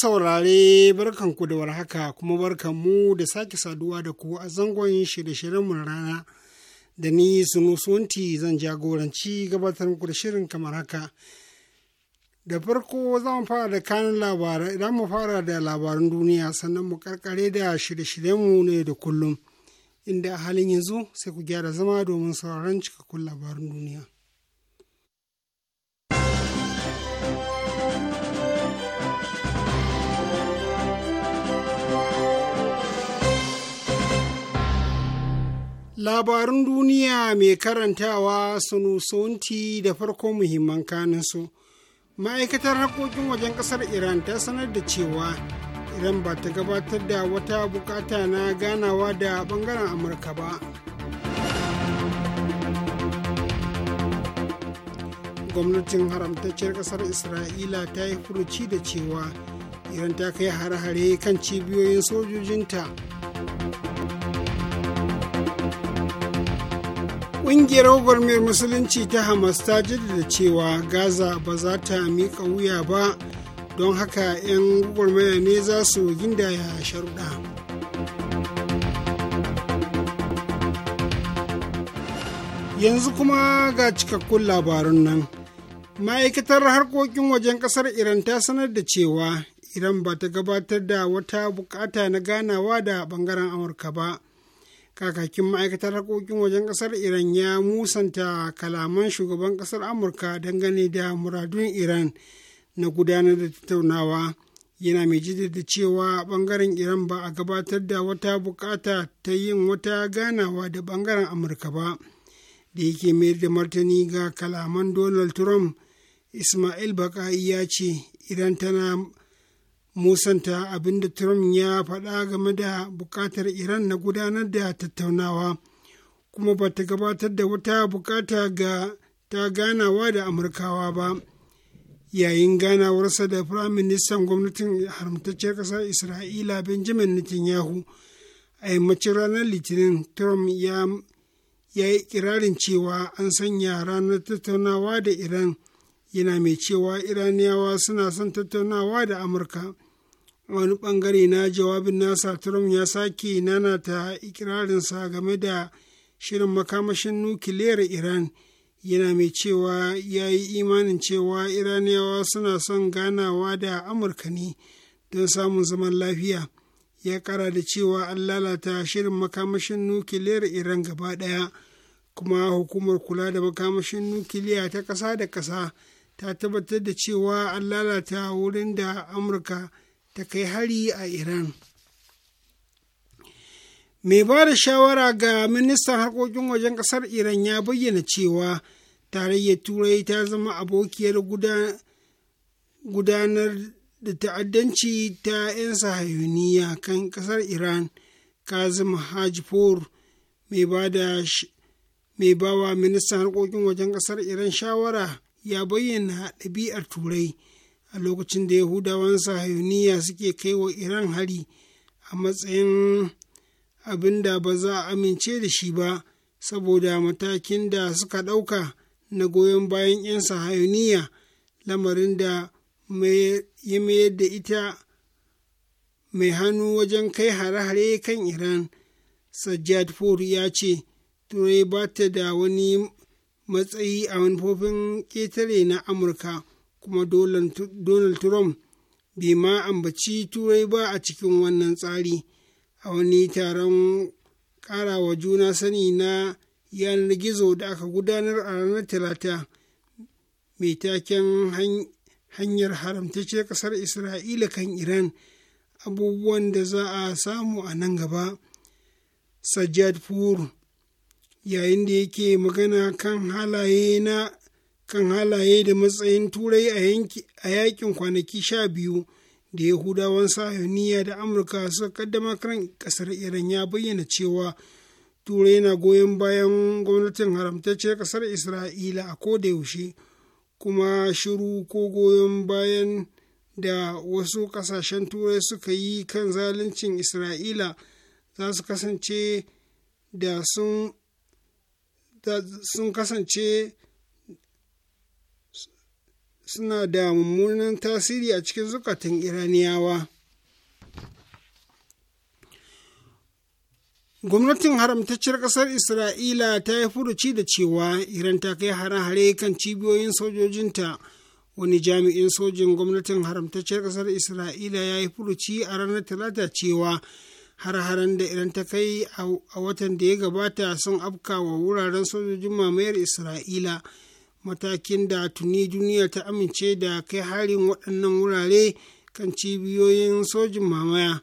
saurare barkanku da warhaka kuma barkanmu da sake saduwa da ku a zangon shirye-shiryenmu rana da ni sunusunti zan jagoranci gabatar muku da shirin kamar haka da farko za mu fara da kanin labarai idan mu fara da labaran duniya sannan mu karkare da shirye-shiryenmu ne da kullum inda a halin yanzu sai ku gyara zama domin sauraron cikakkun labaran duniya. Labarun duniya mai karantawa sunti da farko muhimman kaninsu. Ma'aikatar harkokin wajen ƙasar Iran ta sanar da cewa Iran ba ta gabatar da wata bukata na ganawa da ɓangaren Amurka ba. Gwamnatin haramtacciyar ƙasar Isra'ila ta yi furuci da cewa Iran ta kai hare-hare kan cibiyoyin sojojinta. Ƙungiyar gwagwarmayar Musulunci ta Hamas ta jaddada cewa Gaza ba za ta miƙa wuya ba don haka 'yan gwagwarmaya ne za su gindaya sharuɗa. Yanzu kuma ga cikakkun labarun nan. Ma'aikatar harkokin wajen ƙasar Iran ta sanar da cewa Iran ba ta gabatar da wata bukata na ganawa da ɓangaren Amurka ba. kakakin ma'aikatar harkokin wajen ƙasar iran ya musanta kalaman shugaban ƙasar amurka dangane da muradun iran na gudanar da tattaunawa yana mai jaddada cewa ɓangaren iran ba a gabatar da wata buƙata ta yin wata ganawa da bangaren amurka ba da yake mayar da martani ga kalaman donald trump ismail baka'i ya ce iran tana musanta abinda trump ya faɗa game da buƙatar iran na gudanar da tattaunawa kuma ba ta gabatar da wata buƙata ga ta ganawa da amurkawa ba yayin ganawarsa da firayim ministan gwamnatin haramtacciyar ƙasar isra'ila benjamin netanyahu a yammacin ranar litinin trump ya yi kirarin cewa an sanya ranar tattaunawa da iran yana mai cewa iraniyawa suna son tattaunawa da amurka wani bangare na jawabin nasa trump ya sake nanata ikirarinsa game da shirin makamashin nukiliyar iran yana mai cewa ya yi imanin cewa iraniyawa suna son ganawa da amurka ne don samun zaman lafiya ya kara da cewa an lalata shirin makamashin nukiliyar iran gaba daya kuma hukumar kula da makamashin nukiliya ta kasa da kasa ta tabbatar da cewa an lalata wurin da amurka ta kai hari a iran mai ba da shawara ga ministan harkokin wajen ƙasar iran ya bayyana cewa tarayyar turai ta zama abokiyar gudanar da ta'addanci ta 'yan sahayuniya kan ƙasar iran kazim hajipur mai ba da mai bawa ministan harkokin wajen ƙasar iran shawara ya bayyana ɗabi'ar turai a lokacin da yahudawan sahayuniya suke kai wa iran hari a matsayin abin da ba za a amince da shi ba saboda matakin da suka ɗauka na goyon bayan 'yan sahayuniya lamarin da ya mayar da ita mai hannu wajen kai hare-hare kan iran sajjad fur ya ce turai ba ta da wani matsayi a manufofin ƙetare na amurka kuma donald trump bai ma ambaci turai ba a cikin wannan tsari a wani taron karawa juna sani na yanar gizo da aka gudanar a ranar talata mai taken hanyar haramtacciyar kasar isra'ila kan iran abubuwan da za a samu a nan gaba sajjad fur yayin da yake magana kan halaye na kan halaye da matsayin turai a yakin kwanaki sha biyu da yahudawan sayoniya da amurka suka kaddama kan kasar iran ya bayyana cewa turai na goyon bayan gwamnatin haramtacciyar kasar isra'ila a ko da yaushe, kuma shiru ko goyon bayan da wasu kasashen turai suka yi kan zaluncin isra'ila za su kasance da sun kasance suna da mummunan tasiri a cikin zukatan iraniyawa gwamnatin haramtacciyar ƙasar isra'ila ta yi furuci da cewa iran ta kai hare-hare kan cibiyoyin sojojinta wani jami'in sojin gwamnatin haramtacciyar ƙasar isra'ila ya yi furuci a ranar talata cewa har-haren da iran ta kai a watan da ya gabata sun afka wa wuraren sojojin mamayar isra'ila matakin da tuni duniya ta amince da kai harin waɗannan wurare kan cibiyoyin sojin mamaya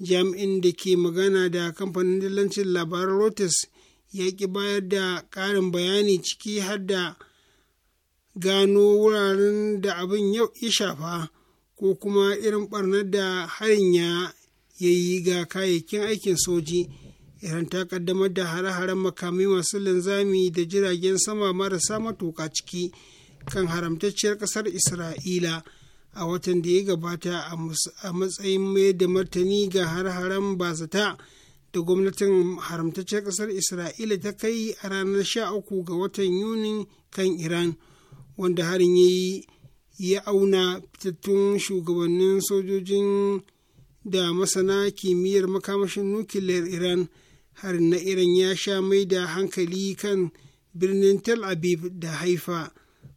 jami'in da ke magana da kamfanin dalancin labaran rotes ya ƙi bayar da ƙarin bayani ciki har da gano wuraren da abin ya shafa ko kuma irin ɓarnar da harin ya yi ga kayayyakin aikin soji. iran ta kaddamar da hare-haren makamai masu linzami da jiragen sama marasa matuƙa ciki kan haramtacciyar ƙasar isra'ila a watan da ya gabata a matsayin mai da martani ga har-haren bazata da gwamnatin haramtacciyar ƙasar isra'ila ta kai a ranar 13 ga watan yuni kan iran wanda harin ya yi ya auna fitattun shugabannin sojojin da masana kimiyyar makamashin nukiliyar iran har na irin ya sha mai da hankali kan birnin tel abib da haifa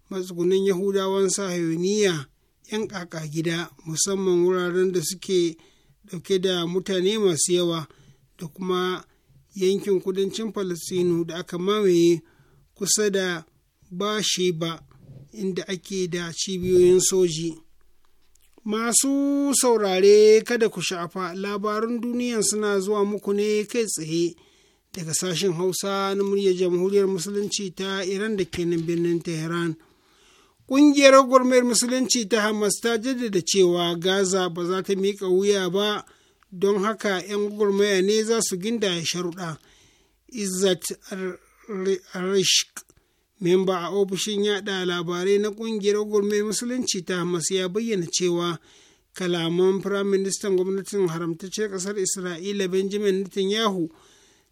matsugunan yahudawan sahayoniya 'yan kaka gida musamman wuraren da suke dauke da mutane masu yawa da kuma yankin kudancin falastinu da aka mamaye kusa da ba ba inda ake da cibiyoyin soji. Masu saurare kada ku sha'afa labarun duniya suna zuwa muku ne kai tsaye daga sashen Hausa na muryar Jamhuriyar Musulunci ta Iran da ke nan birnin Tehran. Ƙungiyar gwamnatin Musulunci ta Hamas ta jaddada cewa Gaza ba za ta miƙa wuya ba don haka 'yan gwagwarmaya ne za su ginda ya sharuɗa. Izzat Rishk memba a ofishin yada labarai na kungiyar gurme musulunci ta hamas ya bayyana cewa kalaman firaministan gwamnatin haramtacciyar kasar isra'ila benjamin netanyahu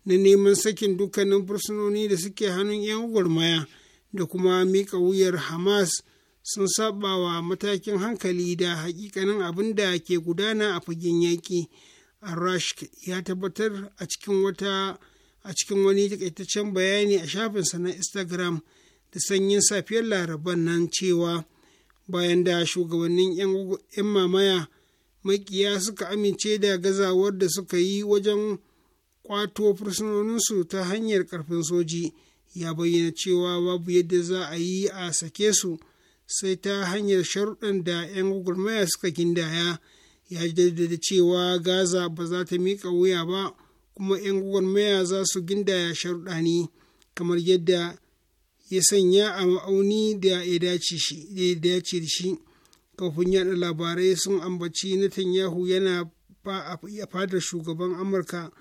na neman sakin dukkanin fursunoni da suke hannun 'yan gurmaya da kuma mika wuyar hamas sun sabawa matakin hankali da hakikanin abin da ke gudana a fagen yaƙi rashk ya tabbatar a cikin wata a cikin wani takaitaccen bayani a shafin sa na instagram da sanyin safiyar laraban nan cewa bayan da shugabannin 'yan mamaya makiya suka amince da gazawar da suka yi wajen kwato fursunoninsu ta hanyar karfin soji ya bayyana cewa babu yadda za a yi a sake su sai ta hanyar sharuɗan da 'yan gwagwarmaya suka gindaya ya jaddada cewa gaza ba za ta miƙa wuya ba kuma 'yan gwagwarmaya za su gindaya sharuɗa ne kamar yadda ya sanya a ma'auni da ya dace da shi kafin yada labarai sun ambaci na tanyahu yana ba a fadar shugaban amurka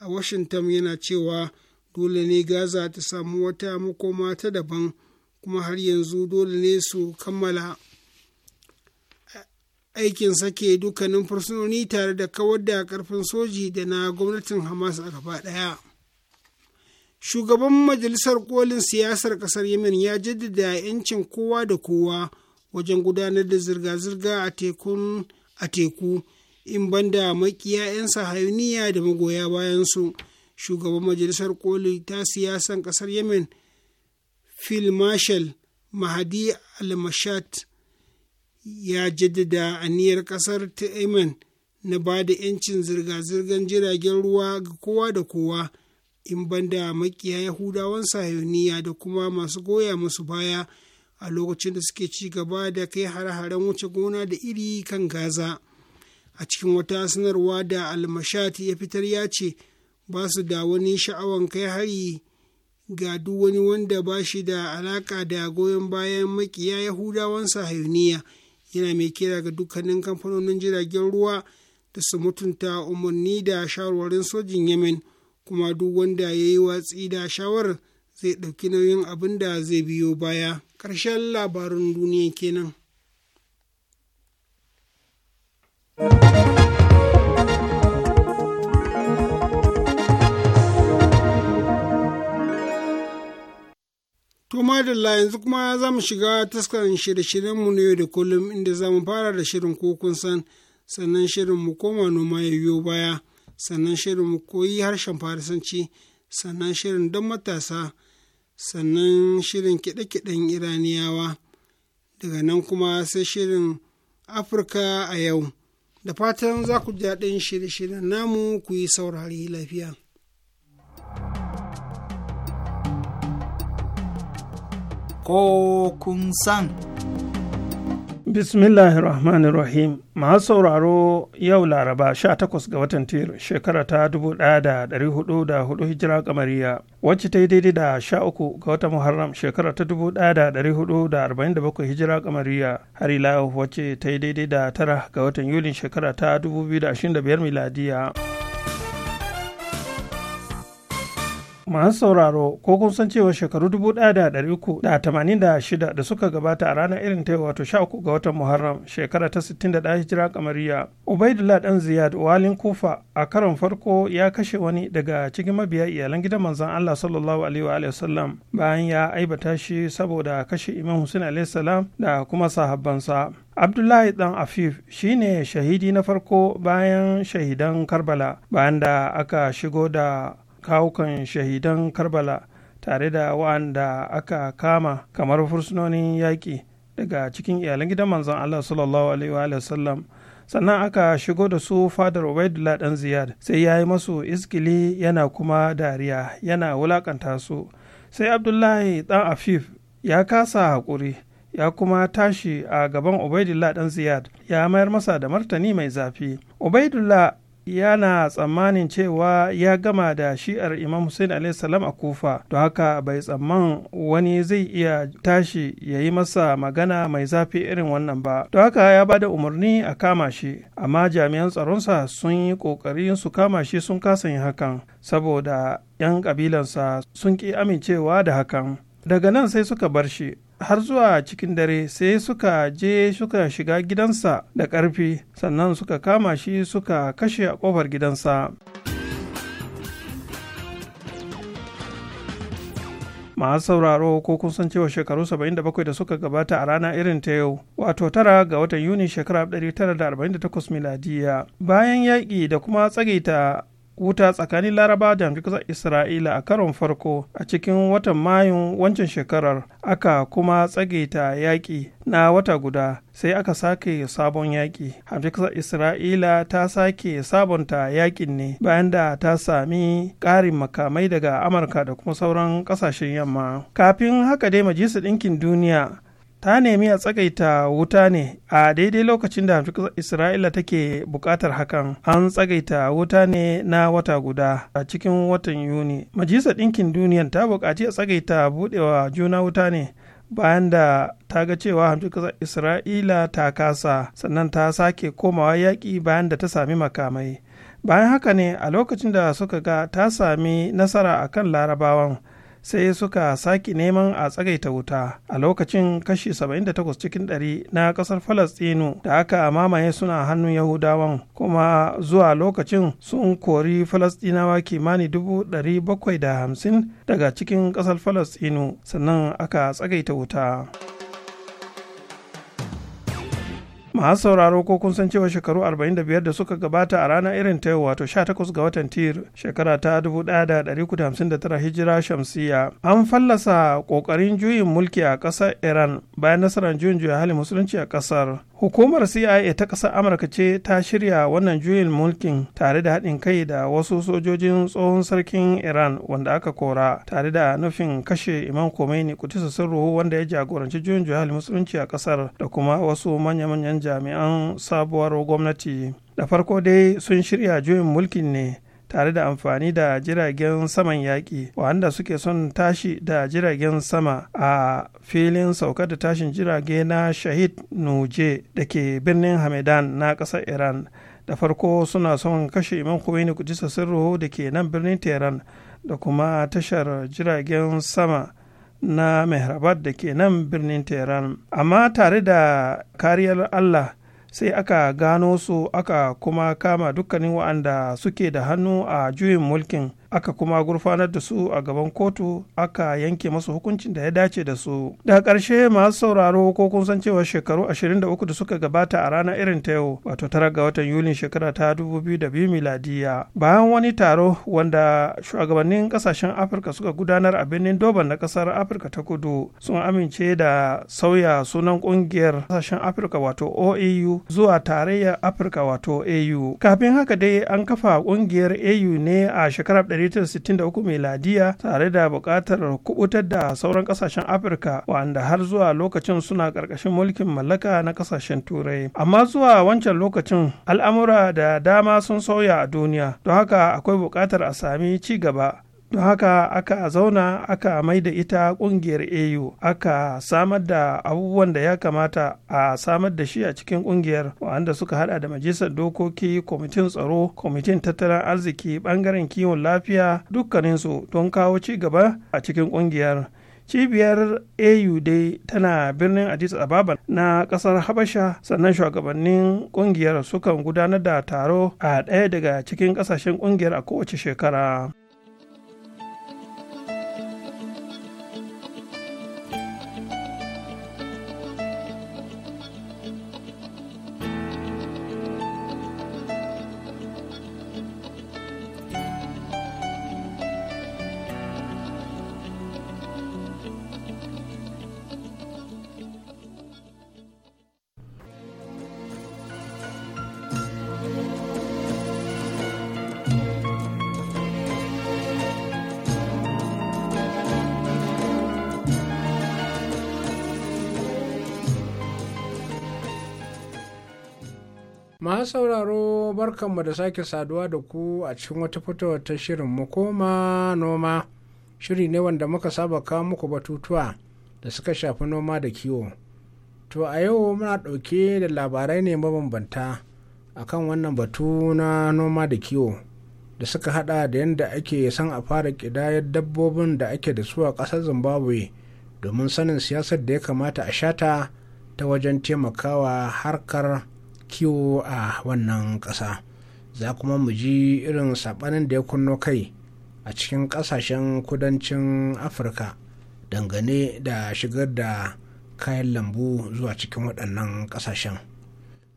a washington yana cewa dole ne gaza ta samu wata makoma ta daban kuma har yanzu dole ne su kammala aikin sake dukkanin fursunoni tare da kawar da karfin soji da na gwamnatin hamas a gaba ɗaya shugaban majalisar kolin siyasar kasar yemen ya jaddada 'yancin kowa da kowa wajen gudanar da zirga-zirga a teku in banda makiya 'yan sahayuniya da magoya bayan su shugaban majalisar koli ta siyasan ƙasar yemen phil marshal mahadi al-mashat ya jaddada aniyar ƙasar ta yemen na ba da 'yancin zirga-zirgar jiragen ruwa ga kowa da kowa in banda makiya yahudawan sahiyoniya da kuma masu goya masu baya a lokacin da suke ci gaba da kai hare-haren wuce gona da iri kan gaza a cikin wata sanarwa da almashati ya fitar ya ce ba su da wani sha'awan kai hari ga duk wani wanda ba shi da alaka da goyon bayan makiya yahudawan sahiyoniya yana mai kira ga dukkanin kamfanonin jiragen ruwa da su mutunta umarni da shawarwarin sojin yemen kuma duk wanda ya yi watsi da shawar zai ɗauki nauyin abin da zai biyo baya ƙarshen labarin duniya kenan. To madalla yanzu kuma za mu shiga taskarin shirye mu na yau da kullum inda za mu fara da shirin ko kun san sannan shirin mu koma noma ya yiwu baya sannan shirin mu koyi harshen farisanci sannan shirin don matasa sannan shirin kiɗe-kiɗen iraniyawa daga nan kuma sai shirin afirka a yau da fatan za ku ji daɗin shirye-shiryen namu ku yi saurari lafiya. ko kun san. Bismillahirrahmanirrahim masu sauraro yau Laraba 18 ga watan Tir shekara ta 1404 hijira kamariya wacce ta yi daidai da 13 ga watan Muharram shekara ta 1447 hijira kamariya har ila wacce ta yi daidai da 9 ga watan Yulin shekara ta 2025 miladiya. masu sauraro ko kun san cewa shekaru 1386 da suka gabata a ranar irin ta wato 13 ga watan Muharram shekara ta sittin da 61 hijira kamariya. Ubaidullah dan Ziyad walin Kufa a karon farko ya kashe wani daga cikin mabiya iyalan gidan manzon Allah sallallahu alaihi wa sallam bayan ya aibata shi saboda kashe Imam Hussein alaihi salam da kuma sahabbansa. abdullahi dan afif shine shahidi na farko bayan shahidan karbala bayan da aka shigo da kawukan shahidan karbala tare da wa'anda aka kama kamar fursunonin yaƙi daga cikin iyalan gidan manzon allah sallallahu alaihi wa sallam sannan aka shigo da su fadar ubaidullah dan ziyad sai ya yi masu iskili yana kuma dariya yana wulakanta su sai abdullahi dan afif ya kasa haƙuri ya kuma tashi a gaban ubaidullah dan ziyad ya mayar masa da martani mai zafi ubaidullah yana tsammanin cewa ya gama da shi'ar imam hussein salam a kufa to haka bai tsamman wani zai iya tashi ya yi masa magana mai zafi irin wannan ba to haka ya bada umarni a kama shi amma jami'an tsaronsa sun yi ƙoƙari su kama shi sun kasa yin hakan saboda 'yan ƙabilansa sun ki amincewa da hakan daga nan sai suka bar shi har zuwa cikin dare sai suka je suka shiga gidansa da ƙarfi sannan suka kama shi suka kashe a ƙofar gidansa masu sauraro ko kun san cewa shekaru 77 da suka gabata a rana irin ta yau wato tara ga watan yuni shekara 1948 miladiya bayan yaƙi da kuma tsagaita wuta tsakanin laraba da kasar isra'ila a karon farko a cikin watan mayun wancan shekarar aka kuma tsage ta yaƙi na wata guda sai aka sake sabon yaƙi kasar isra'ila ta sake sabonta yaƙin ne bayan da ta sami ƙarin makamai daga amurka da kuma sauran ƙasashen yamma kafin haka dai majalisar ɗinkin duniya ta nemi a tsagaita wuta ne a daidai lokacin da isra'ila take bukatar hakan an tsagaita wuta ne na wata guda a cikin watan yuni majalisar ɗinkin duniyan ta buƙaci a tsagaita buɗewa juna wuta ne bayan da ta ga cewa hamshin isra'ila ta kasa sannan ta sake komawa yaƙi bayan da ta sami makamai bayan haka ne a lokacin da suka ga ta sami nasara akan larabawan sai suka sake neman a tsagaita wuta a lokacin kashi 78 cikin ɗari na ƙasar falastinu da aka mamaye suna hannun yahudawan kuma zuwa lokacin sun kori falastinawa kimani 750 daga cikin ƙasar falastinu sannan aka tsagaita wuta. masu sauraro ko kun san cewa shekaru 45 da suka gabata a ranar irin ta yau wato 18 ga watan tir shekara ta 1959 hijira shamsiya an fallasa kokarin juyin mulki a ƙasar iran bayan nasarar juyin juya hali musulunci a ƙasar hukumar cia ta ƙasar amurka ce ta shirya wannan juyin mulkin tare da haɗin kai da wasu sojojin tsohon sarkin iran wanda aka kora tare da nufin kashe imam khomeini kutisa sirruhu wanda ya jagoranci juyin juya hali musulunci a kasar da kuma wasu manya-manyan jami'an sabuwar gwamnati da farko dai sun shirya juyin mulkin ne tare da amfani da jiragen saman yaƙi wanda suke son tashi da jiragen sama a filin saukar da tashin jirage na shahid nuje da ke birnin hamadan na ƙasar iran da farko suna son kashe imam khomeini kudisa sirruhu da ke nan birnin tehran da kuma tashar jiragen sama na mehrabat da ke nan birnin tehran amma tare da kariyar allah sai aka gano su aka kuma kama dukkanin wa'anda suke da hannu a juyin mulkin aka kuma gurfanar da su a gaban kotu aka yanke masu hukuncin da ya dace da su da ƙarshe masu sauraro ko kun san cewa shekaru 23 da suka gabata a ranar irin ta yau wato tara ga watan yulin shekara ta 2002 miladiya bayan wani taro wanda shugabannin kasashen afirka suka gudanar a birnin doban na ƙasar afirka ta kudu sun amince da sauya sunan ƙungiyar kasashen afirka wato oau zuwa tarayyar afirka wato au kafin haka dai an kafa ƙungiyar au ne a shekarar 1963 mai ladiya tare da buƙatar kubutar da sauran ƙasashen afirka wanda har zuwa lokacin suna ƙarƙashin mulkin mallaka na ƙasashen turai amma zuwa wancan lokacin al'amura da dama sun sauya a duniya don haka akwai buƙatar a sami ci gaba don haka aka zauna aka mai da ita kungiyar au aka samar da abubuwan da ya kamata a samar da shi a cikin kungiyar wanda suka hada da majalisar dokoki kwamitin tsaro kwamitin tattalin arziki bangaren kiwon lafiya dukkaninsu don kawo ci gaba a cikin kungiyar cibiyar au dai tana birnin addis ababa na kasar habasha sannan shugabannin kungiyar sukan gudanar da taro a ɗaya daga cikin ƙasashen kungiyar a kowace shekara sauraro barkanmu da sake saduwa da ku a cikin wata fitowar ta shirin mu koma noma shiri ne wanda muka saba kawo muku batutuwa da suka shafi noma da kiwo to a yau muna ɗauke da labarai ne mabambanta a kan wannan batu na noma da kiwo da suka hada da yadda ake son a fara kidayar dabbobin da ake da su a ƙasar zimbabwe domin sanin siyasar da ya kamata a shata ta wajen taimakawa harkar kiwo a wannan ƙasa za kuma mu ji irin saɓanin da ya kunno kai a cikin ƙasashen kudancin afirka dangane da shigar da kayan lambu zuwa cikin waɗannan ƙasashen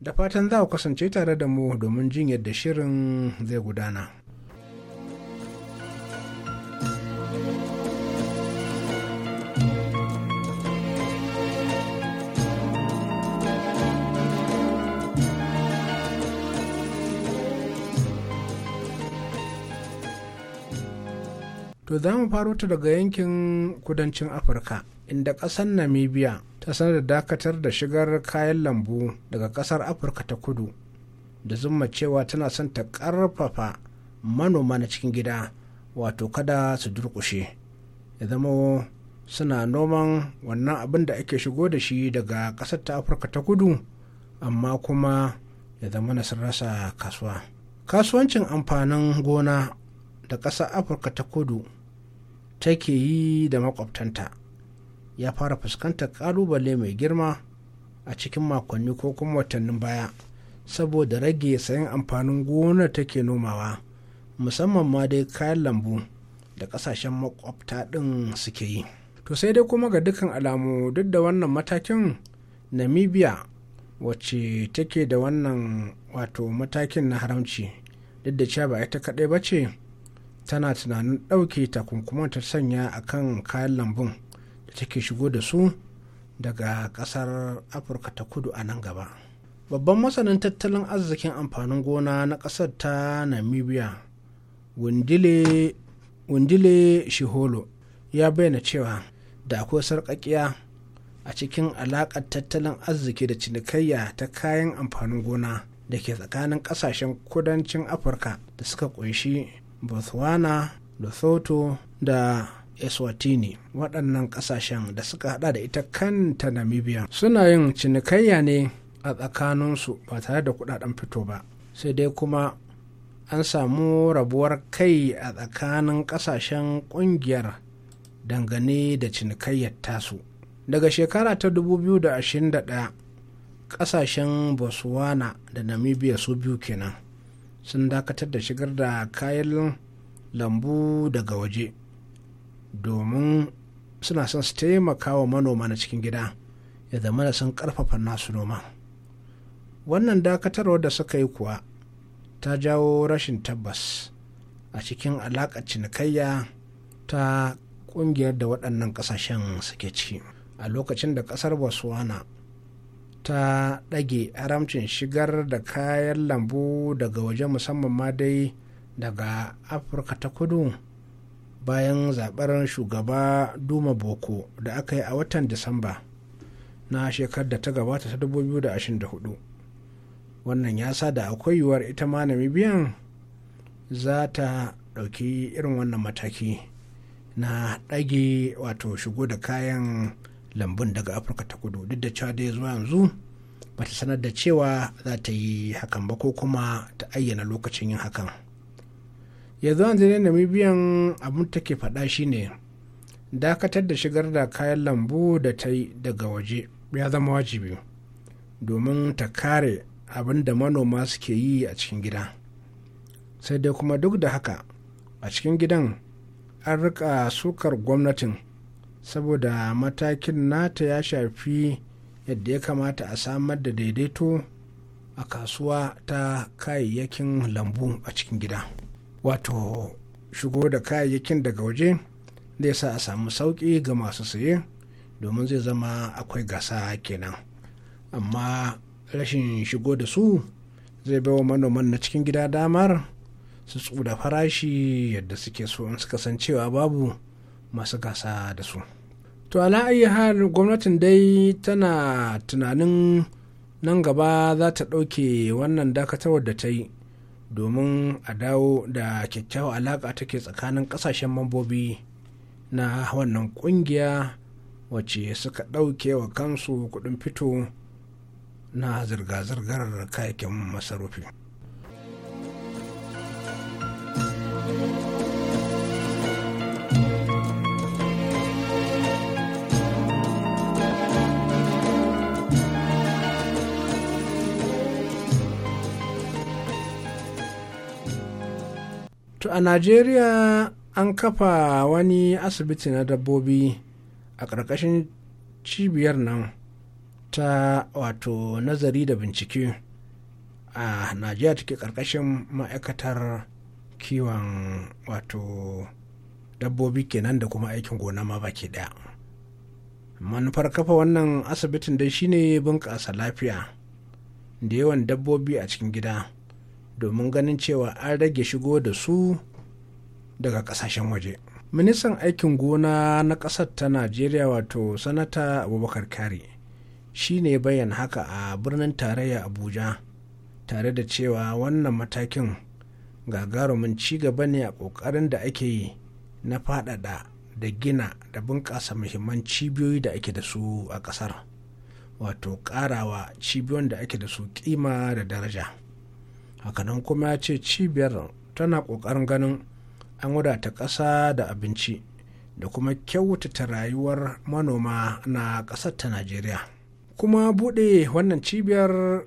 da fatan za ku kasance tare da mu domin jin yadda shirin zai gudana To za mu faro ta daga yankin kudancin Afirka, inda ƙasar Namibia ta sanar da dakatar da shigar kayan lambu daga ƙasar Afirka ta kudu, da zuma cewa tana son ta ƙarfafa manoma na cikin gida, wato kada su durƙushe. Ya zama suna noman wannan abin da ake shigo da shi daga ƙasar ta Afirka ta kudu, amma kuma ya zama na rasa kasuwa. Kasuwancin amfanin gona da ƙasar Afirka ta kudu take yi da makwabtanta ya fara fuskantar ƙalubale mai girma a cikin makonni ko kuma watannin baya saboda rage sayan amfanin gonar take nomawa musamman ma dai kayan lambu da ƙasashen makwabta ɗin suke yi to sai dai kuma ga dukkan alamu duk da wannan matakin namibia wacce take da wannan wato matakin na haramci duk da cewa ba ita kaɗai ba ce tana tunanin ɗauke takunkuman ta sanya a kan kayan lambun da take shigo da su daga ƙasar afirka ta kudu a nan gaba babban masanin tattalin arzikin amfanin gona na ƙasar ta namibia wundile, shiholo ya bayyana cewa da akwai sarƙaƙiya a cikin alaƙar tattalin arziki da cinikayya ta kayan amfanin gona da ke tsakanin ƙasashen kudancin afirka da suka ƙunshi botswana lesotho da eswatini waɗannan ƙasashen da suka haɗa da ita kanta namibia suna yin cinikayya ne a tsakaninsu ba tare da kuɗaɗen fito ba sai dai kuma an samu rabuwar kai a tsakanin ƙasashen ƙungiyar dangane da cinikayyar tasu daga shekara ta 2021 ƙasashen botswana da namibia su biyu kenan sun dakatar da shigar da kayan lambu daga waje domin suna son su taimaka wa manoma na cikin gida ya zama da sun karfafa nasu noma wannan dakatarwar da suka yi kuwa ta jawo rashin tabbas a cikin alaƙar cinikayya ta ƙungiyar da waɗannan ƙasashen suke ciki a lokacin da ƙasar botswana ta ɗage aramcin shigar da kayan lambu daga waje musamman ma dai daga afirka ta kudu bayan zaɓar shugaba duma boko da aka yi a watan disamba na shekar da ta gabata ta 2024 wannan ya sa da akwai yiwuwar ita ma namibiyan za ta ɗauki irin wannan mataki na ɗage wato shigo da kayan lambun daga afirka ta kudu duk da cewa da zuwa yanzu ba ta sanar da cewa za ta yi hakan ba ko kuma ta ayyana lokacin yin hakan yanzu an zane namibiyan abin take faɗa shine dakatar da shigar da kayan lambu da ta yi daga waje ya zama wajibi domin ta kare abin da manoma suke yi a cikin gida sai dai kuma duk da haka a cikin gidan an rika sukar gwamnatin saboda matakin nata ya shafi yadda ya kamata a samar da daidaito a kasuwa ta kayayyakin lambu a cikin gida wato shigo da kayayyakin daga waje zai sa a samu sauƙi ga masu saye domin zai zama akwai gasa kenan amma rashin shigo da su zai baiwa manoman na cikin gida damar su tsuda farashi yadda suke so in su kasancewa babu masu gasa da su to ala'ayi har gwamnatin dai tana tunanin nan gaba za ta ɗauke wannan dakatarwar da ta yi domin a dawo da kyakkyawar alaƙa take tsakanin ƙasashen mambobi na wannan ƙungiya wacce suka ɗauke wa kansu kuɗin fito na zirga-zirgar kayakin masarufi. to a najeriya an kafa wani asibiti na dabbobi a ƙarƙashin cibiyar nan ta wato nazari da bincike a najeriya take ƙarƙashin ma'aikatar kiwon wato dabbobi kenan da kuma aikin gona ma baki ɗaya manufar kafa wannan asibitin dai shine bunƙasa lafiya da yawan dabbobi a cikin gida domin ganin cewa an rage shigo da su daga kasashen waje ministan aikin gona na ƙasar ta najeriya wato sanata abubakar kari shi ne bayan haka a birnin tarayya abuja tare da cewa wannan matakin gagarumin ci gaba ne a ƙoƙarin da ake yi na faɗaɗa da gina da bunƙasa muhimman cibiyoyi da ake da su a ƙasar wato ƙarawa cibiyoyin da ake da su ƙima da daraja. hakanan kuma ya ce cibiyar tana ƙoƙarin ganin an wadata ƙasa da abinci da kuma kyautata rayuwar manoma na ƙasar ta najeriya kuma buɗe wannan cibiyar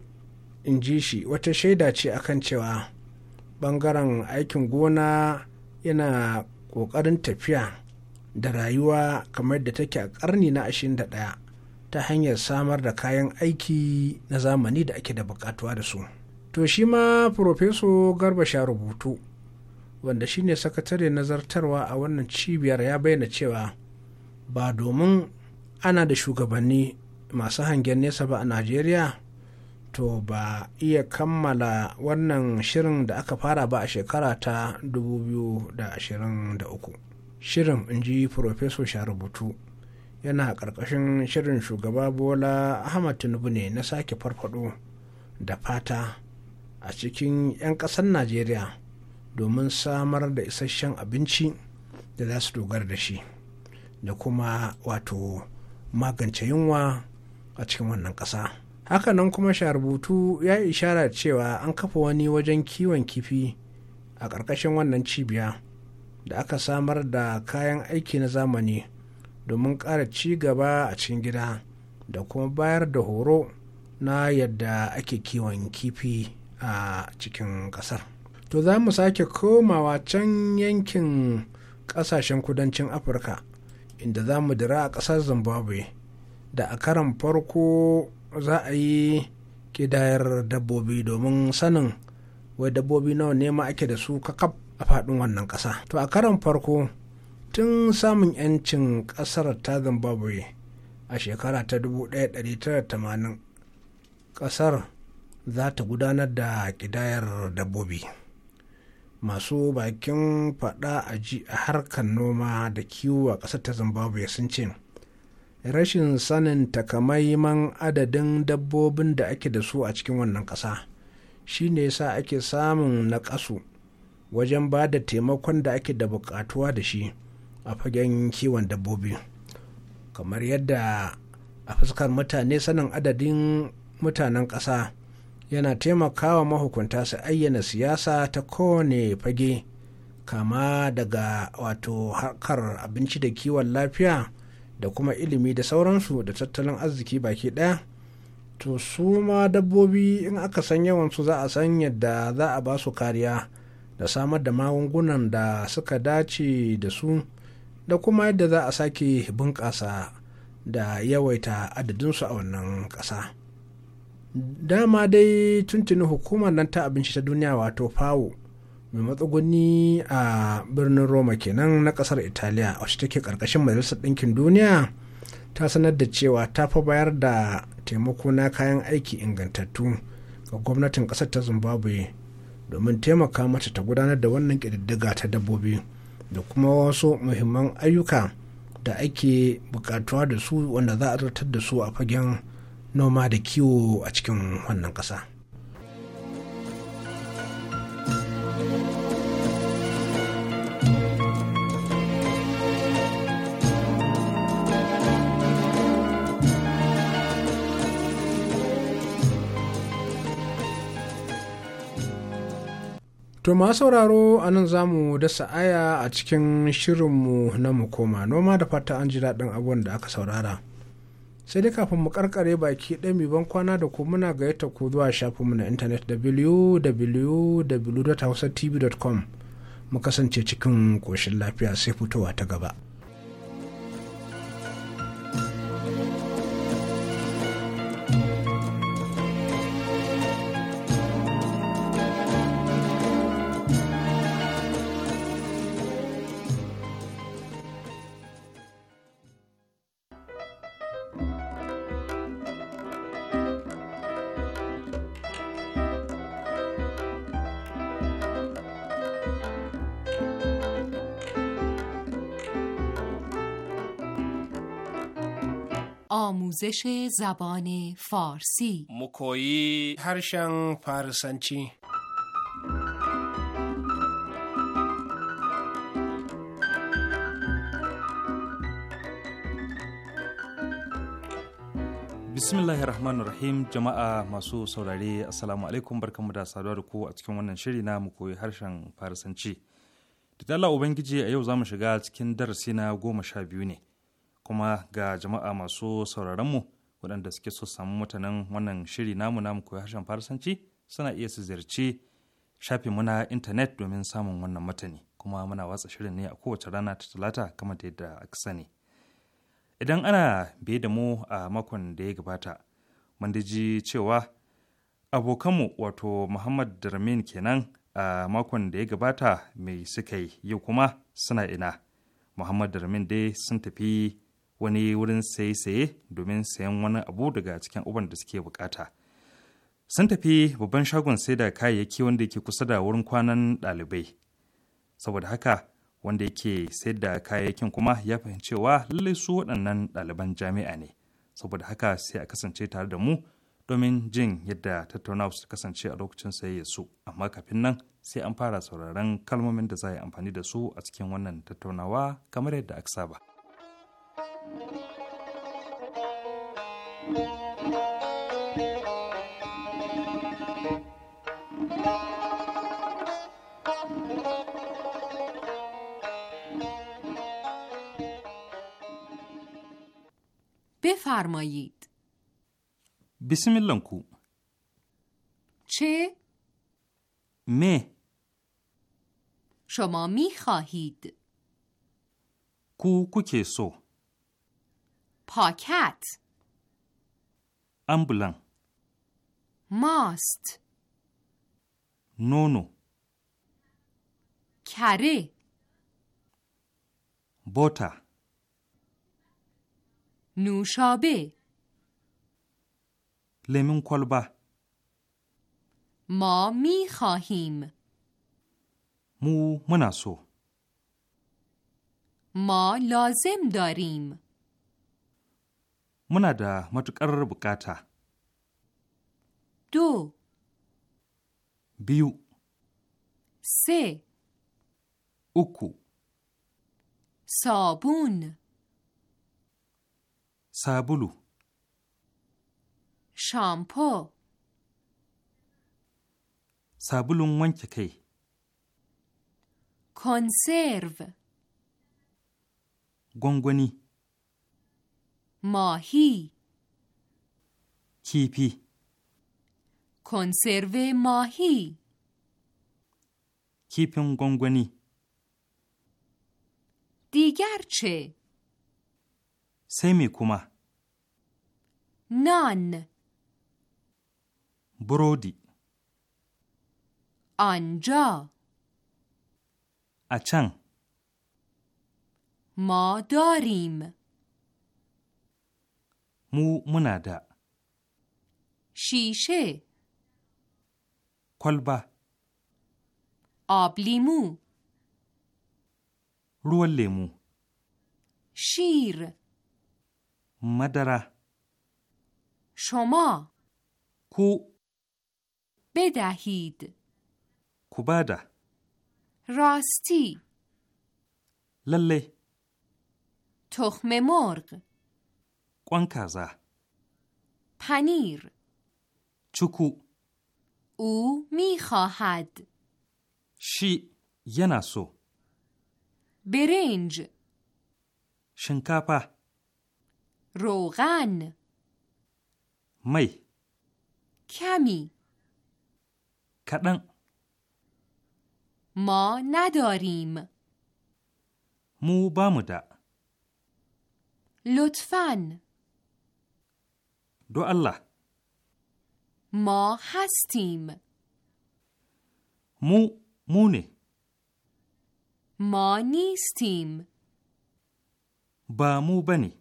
in ji shi wata shaida ce akan cewa ɓangaren aikin gona yana ƙoƙarin tafiya da rayuwa kamar da take a ƙarni na 21 ta hanyar samar da kayan aiki na zamani da ake da bukatuwa da su. to shi ma profeso garba sha rubutu wanda shi ne sakatare nazartarwa a wannan cibiyar ya bayyana cewa ba domin ana da shugabanni masu hangen nesa ba a najeriya to ba iya kammala wannan shirin da aka fara ba a shekara ta 2023 shirin in ji profeso sha rubutu yana ƙarƙashin shirin shugaba bola ahmad tinubu ne na sake farfado da fata a cikin 'yan ƙasar najeriya domin samar da isasshen abinci da za su dogara da shi da kuma wato magance yunwa a cikin wannan ƙasa hakanan kuma sharubutu ya ishara cewa an kafa wani wajen kiwon kifi a ƙarƙashin wannan cibiya da aka samar da kayan aiki na zamani domin ƙara ci gaba a cikin gida da kuma bayar da horo na yadda ake kiwon kifi a cikin ƙasar to za mu sake komawa can yankin ƙasashen kudancin afirka inda za mu dira a ƙasar zimbabwe da a karan farko za a yi kidayar dabbobi domin sanin wai dabbobi nawa ne ake da su kakaf a faɗin wannan ƙasa to a karan farko tun samun 'yancin ƙasar ta zimbabwe a shekara ta 1980 ƙasar za ta gudanar da ƙidayar dabbobi masu bakin fada a ji a harkar noma da kiwo a ƙasar ta zimbabwe sun ce rashin sanin takamaiman adadin dabbobin da ake da su a cikin wannan ƙasa shi ne sa ake samun na naƙasu wajen ba da taimakon da ake da bukatuwa da shi a fagen kiwon dabbobi kamar yadda a fuskar mutane sanin adadin mutanen ƙasa yana taimakawa mahukunta su ayyana siyasa ta kowane fage kama daga wato harkar abinci da kiwon lafiya da kuma ilimi da sauransu da tattalin arziki baki ɗaya to su ma dabbobi in aka san yawansu za a san yadda za a ba su kariya da samar da magungunan da suka dace da su da kuma yadda za a sake bunƙasa da yawaita adadinsu a wannan ƙasa. dama dai tuntuni hukumar nan ta abinci ta duniya wato fawo mai matsuguni a birnin roma kenan na kasar italiya a wacce take karkashin majalisar ɗinkin duniya ta sanar da cewa ta fa bayar da taimako na kayan aiki ingantattu ga gwamnatin kasar ta zimbabwe domin taimaka mata ta gudanar da wannan ƙididdiga ta dabbobi da kuma wasu muhimman ayyuka da ake bukatuwa da su wanda za a zartar da su a fagen noma da kiwo a cikin wannan ƙasa. To ma sauraro a nan za mu dasa aya a cikin shirinmu na mu koma noma da fata an ji daɗin abubuwan da aka saurara. sai dai kafin mu karkare baki ɗaya mai ban kwana da ku muna gayyata ko zuwa shafinmu na intanet www.hausatv.com mu kasance cikin koshin lafiya sai fitowa ta gaba. آموزش زبان فارسی koyi هرشن فارسنچی bismillahi rahman rahim jama'a masu saurare assalamu alaikum barkanmu da saduwa da ku a cikin wannan shiri na mu koyi harshen farisanci da Allah ubangiji a yau za mu shiga cikin darasi na goma sha biyu ne kuma ga jama'a masu sauraronmu waɗanda suke so samu mutanen wannan shiri namu namu koyi harshen farsanci suna iya su ziyarci shafin muna intanet domin samun wannan matani kuma muna watsa shirin ne a kowace rana ta talata kama da yadda aka sani idan ana biye da mu a makon da ya gabata mun ji cewa abokanmu wato muhammad darmin kenan a makon da ya gabata mai suka yi kuma suna ina muhammad darmin dai sun tafi wani wurin saye-saye domin sayan wani abu daga cikin uban da suke bukata. Sun tafi babban shagon sai da kayayyaki wanda yake kusa da wurin kwanan ɗalibai. Saboda haka wanda yake sayar da kayayyakin kuma ya fahimci cewa lallai su waɗannan ɗaliban jami'a ne. Saboda haka sai a kasance tare da mu domin jin yadda tattaunawa su kasance a lokacin sayayya su amma kafin nan sai an fara sauraron kalmomin da za a yi amfani da su a cikin wannan tattaunawa kamar yadda aka saba. بفرمایید بسم الله کو چه؟ مه شما می خواهید کو کو که سو پاکت امبولان ماست نونو کره بوتا نوشابه لیمون کلبه ما می خواهیم مو مناسو ما لازم داریم muna da matuƙar bukata. Do. Biyu. Se. Uku. Sabun. Sabulu. Shampo. Sabulun wanke kai. Conserve. Gwangwani. ماهی کیپی کنسرو ماهی کیپین گونگونی دیگر چه سمی کما نان برودی آنجا اچن ما داریم مو منادا شیشه کلبه آب لیمو روان لیمو شیر مدره شما کو بدهید کوباده راستی لله تخم مرغ ƙwan kaza. Panir. Cuku. U mi khahad. Shi yana so. Birinj. Shinkafa. Rogan. Mai. Kami. Kaɗan. Ma nadarim. Mu ba mu da. لطفاً دو الله ما هستیم مو مونه ما نیستیم با مو بنی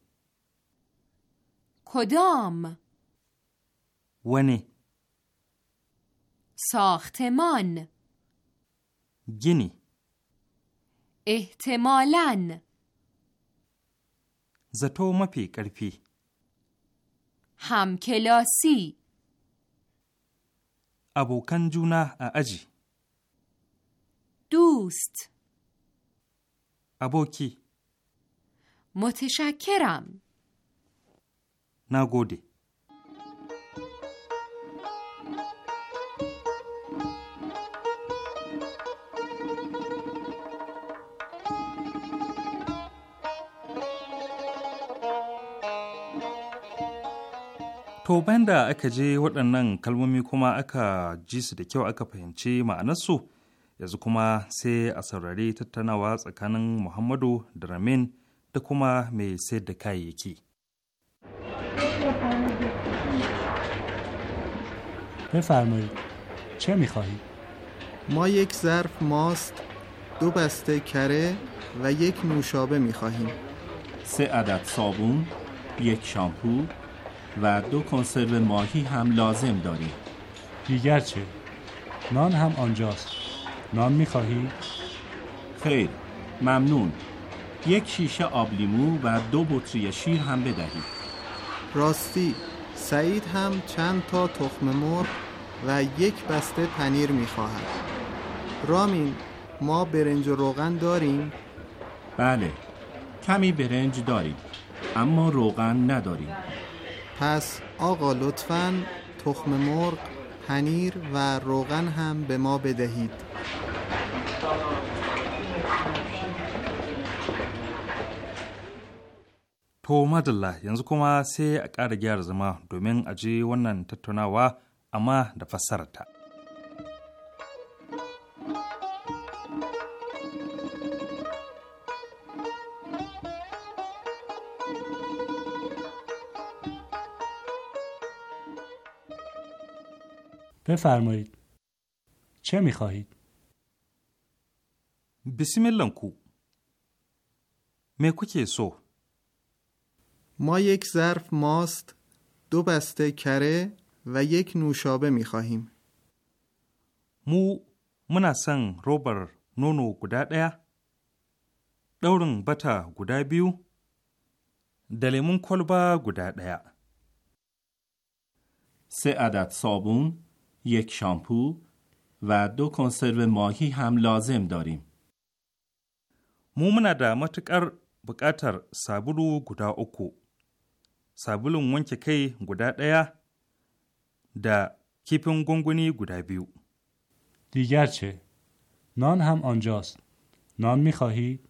کدام ونه ساختمان گینی احتمالاً زتو مپی کرفی همکلاسی ابو کنجونا اجی دوست کی؟ متشکرم ناگودی To banda da aka je waɗannan kalmomi kuma aka ji su da kyau aka fahimci ma'anarsu yanzu kuma sai a saurari tattaunawa tsakanin Muhammadu da Ramin da kuma mai sayar da kayayyaki. بفرمایید چه میخواهید؟ ما یک ظرف ماست دو بسته کره و یک نوشابه میخواهیم سه عدد صابون یک شامپو و دو کنسرو ماهی هم لازم داریم دیگر چه؟ نان هم آنجاست نان میخواهی؟ خیر ممنون یک شیشه آب لیمو و دو بطری شیر هم بدهید راستی سعید هم چند تا تخم مرغ و یک بسته پنیر میخواهد رامین ما برنج و روغن داریم؟ بله کمی برنج داریم اما روغن نداریم پس آقا لطفا تخم مرغ پنیر و روغن هم به ما بدهید To madalla yanzu kuma sai a ƙara gyara zama domin a je wannan tattaunawa amma da fassararta. بفرمایید چه میخواهید؟ بسم الله کو مکو سو ما یک ظرف ماست دو بسته کره و یک نوشابه میخواهیم مو مناسن روبر نونو گداد ایا دورن بطا گداد بیو دلیمون کلبا گداد سه عدد صابون یک شامپو و دو کنسرو ماهی هم لازم داریم. مومنا دامت کار بکاتر سابلو گدا اکو. سابلو منچه کهی گدا دیا دا کیپون گنگونی گدا بیو. دیگر چه؟ نان هم آنجاست. نان می خواهی؟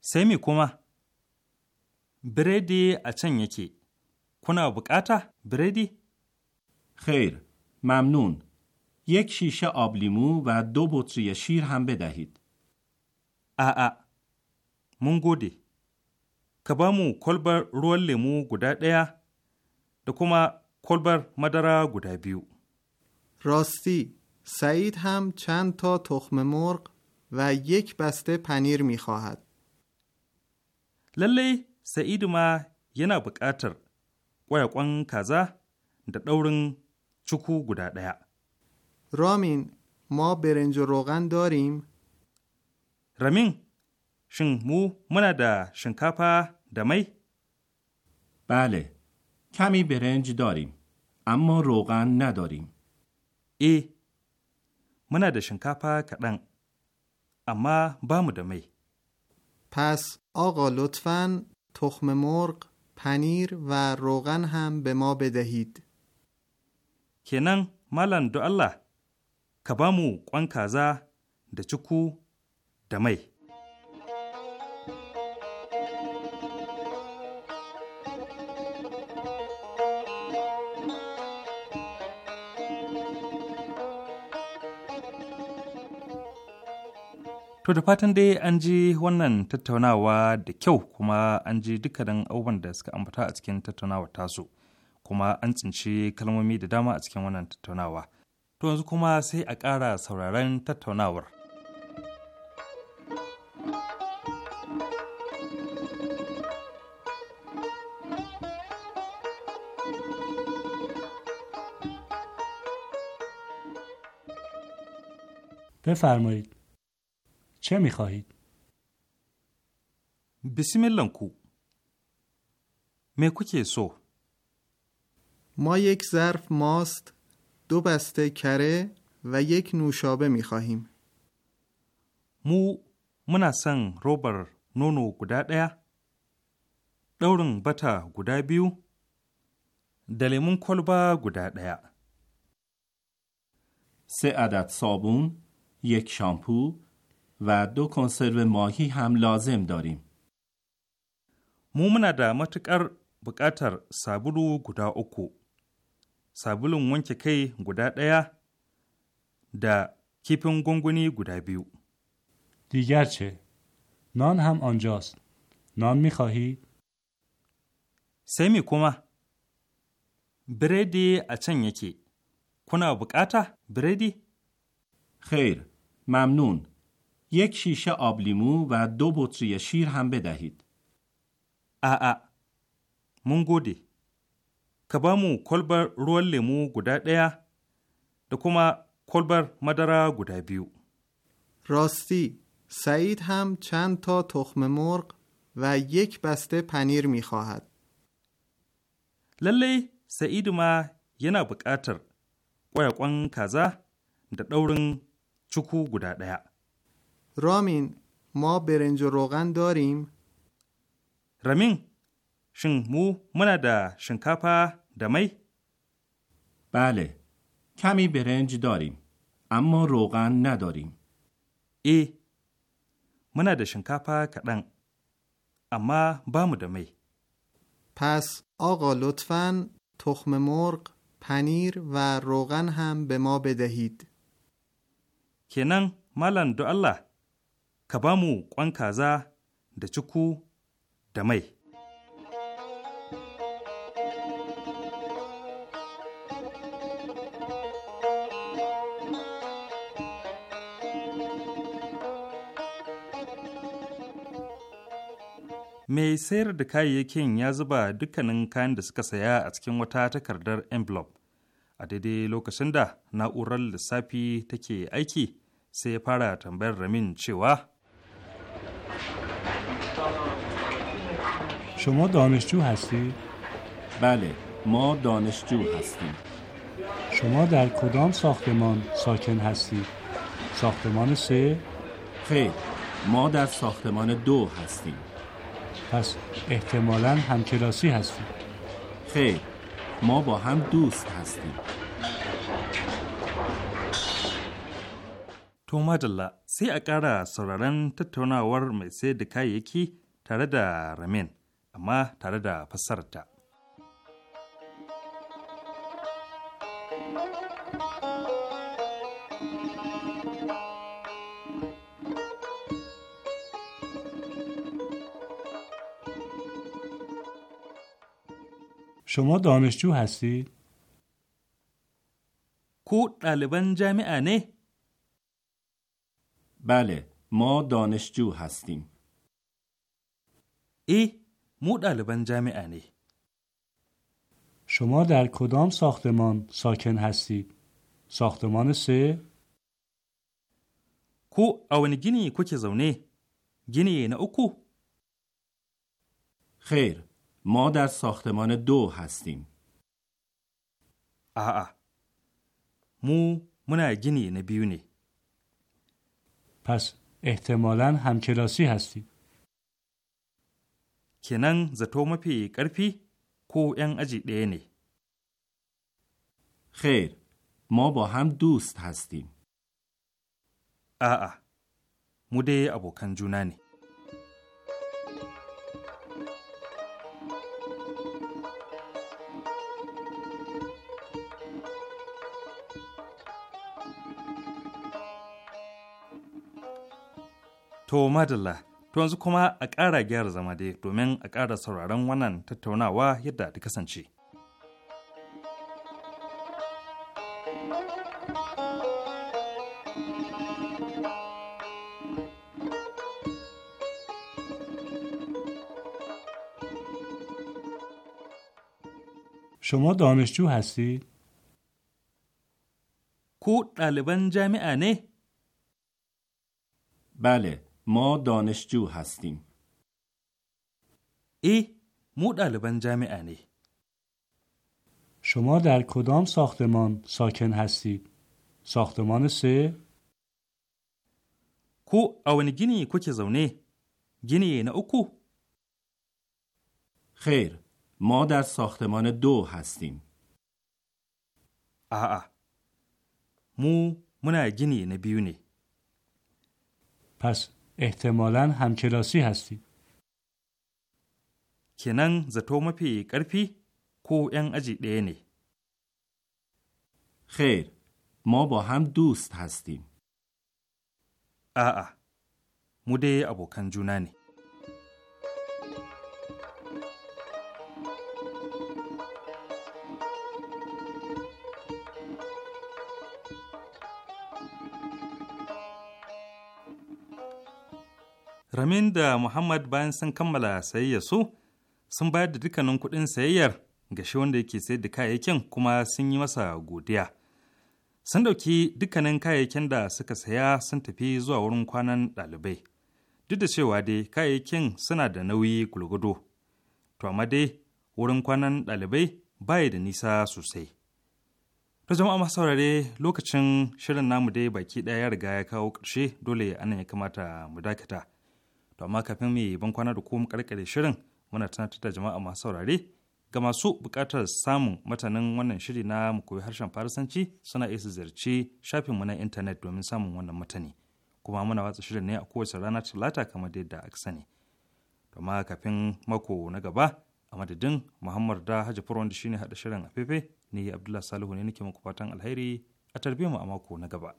سمی کما. بردی اچن یکی. کنا بکاتا بردی؟ خیر. ممنون. یک شیشه آب لیمو و دو بطری شیر هم بدهید. a'a mun gode ka ba mu kwalbar ruwan lemu guda ɗaya da kuma kwalbar madara guda biyu راستی سعید هم چند تا تخم مرغ و یک بسته پنیر می خواهد. للی سعید ما یه نبکاتر قوی قوان کازا در دورن چکو گودا رامین ما برنج و روغن داریم رامین شن مو منا دا شنکاپا دمی بله کمی برنج داریم اما روغن نداریم ای منا دا شنکاپا کدن اما بامو دمی پس آقا لطفا تخم مرغ پنیر و روغن هم به ما بدهید kenan malam do Allah ka ba mu ƙwan kaza da cuku da mai. To da fatan dai an ji wannan tattaunawa da kyau kuma an ji dukkanin abubuwan da suka ambata a cikin tattaunawa tasu. kuma an tsinci kalmomi da dama a cikin wannan tattaunawa. To yanzu kuma sai a ƙara sauraron tattaunawar. بفرمایید چه میخواهید؟ بسم الله کو میکو که سو ما یک ظرف ماست دو بسته کره و یک نوشابه می خواهیم. مو منا سن روبر نونو گدا دیا دورن بتا گدا بیو دلیمون کلبا گدا دیا سه عدد صابون یک شامپو و دو کنسرو ماهی هم لازم داریم. مو منا دا متکر بکاتر سابلو گدا اکو sabulun wanke kai guda ɗaya da kifin gunguni guda biyu. Digar ce, nan ham anjas, nan mi khahi? Sai mi kuma, biredi a can yake, kuna bukata biredi? Khair, mamnun, yek shisha ab limu va do botri shir ham bedahid. A'a, mun gode. ka ba mu kwalbar ruwan lemu guda ɗaya da کلبر مدره گوده بیو راستی سعید هم چند تا تخم مرغ و یک بسته پنیر می خواهد للی سعید ما ینا بکاتر قویقوان کازه در دورن چکو گوده رامین ما برنج و روغن داریم رامین شن مو منا دا شنکاپا دمی؟ بله کمی برنج داریم اما روغن نداریم ای من د shinkafa کدان اما بامو د پس آقا لطفا تخم مرغ پنیر و روغن هم به ما بدهید کنن مالن دو الله کبامو قوان کازا د چکو د mai sayar da kayayyakin ya zuba dukkanin kayan da suka saya a cikin wata takardar envelope a daidai lokacin da na'urar lissafi take aiki sai ya fara tambayar ramin cewa شما دانشجو هستی؟ بله ما دانشجو هستیم شما در کدام ساختمان ساکن هستید؟ ساختمان سه؟ خیر ما در ساختمان دو هستیم پس احتمالا همکلاسی هستیم خیر ما با هم دوست هستیم To madalla sai a ƙara sauraron tattaunawar mai sayar da kayayyaki tare da Ramin, amma tare da fassararta. شما دانشجو هستید؟ کو طالبان جامعه نه؟ بله، ما دانشجو هستیم. ای، مو طالبان جامعه نه. شما در کدام ساختمان ساکن هستید؟ ساختمان سه؟ کو اون گینی کو زونه؟ گینی نه اکو؟ خیر، ما در ساختمان دو هستیم. آه, آه. مو منا گینی نبیونی. پس احتمالا همکلاسی هستی. کنن زتو مفی کرفی کو این اجی دینی. خیر ما با هم دوست هستیم. آه, آه. مو dai ابو To madalla, to yanzu kuma a ƙara gyara zama dai domin a ƙara sauraron wannan tattaunawa yadda ta kasance. شما دانشجو هستید؟ کو طالبان جامعه نه؟ بله ما دانشجو هستیم. ای مو طالبان جامعه شما در کدام ساختمان ساکن هستید؟ ساختمان سه؟ کو اون گینی کو زونه؟ گینی نه اوکو؟ خیر، ما در ساختمان دو هستیم. آه مو منا گینی نه پس احتمالا همکلاسی هستید. کنن زتو مپی کرپی کو این اجی دینی. خیر ما با هم دوست هستیم. آه مده ابو کنجونانی. Ramin da Muhammad bayan sun kammala sayayya su sun bayar da dukkanin kuɗin sayayyar ga shi wanda yake sayar da kayayyakin kuma sun yi masa godiya. Sun ɗauki dukkanin kayayyakin da suka saya sun tafi zuwa wurin kwanan ɗalibai. Duk da cewa dai kayayyakin suna da nauyi gulgudo. To amma dai wurin kwanan ɗalibai baya da nisa sosai. To jama'a masu saurare lokacin shirin namu dai baki ɗaya ya riga ya kawo ƙarshe dole anan ya kamata mu dakata. to amma kafin mu yi ban kwana da kuma karkare shirin muna tunatar da jama'a masu saurare ga masu buƙatar samun matanin wannan shiri na mu koyi harshen farisanci suna iya su ziyarci shafin mu na intanet domin samun wannan matani kuma muna watsa shirin ne a kowace rana talata kamar yadda aka sani amma kafin mako na gaba a madadin muhammad da hajji Furon da shine haɗa shirin a fefe ne abdullahi salihu ne nake muku fatan alheri a tarbiyyar mu a mako na gaba.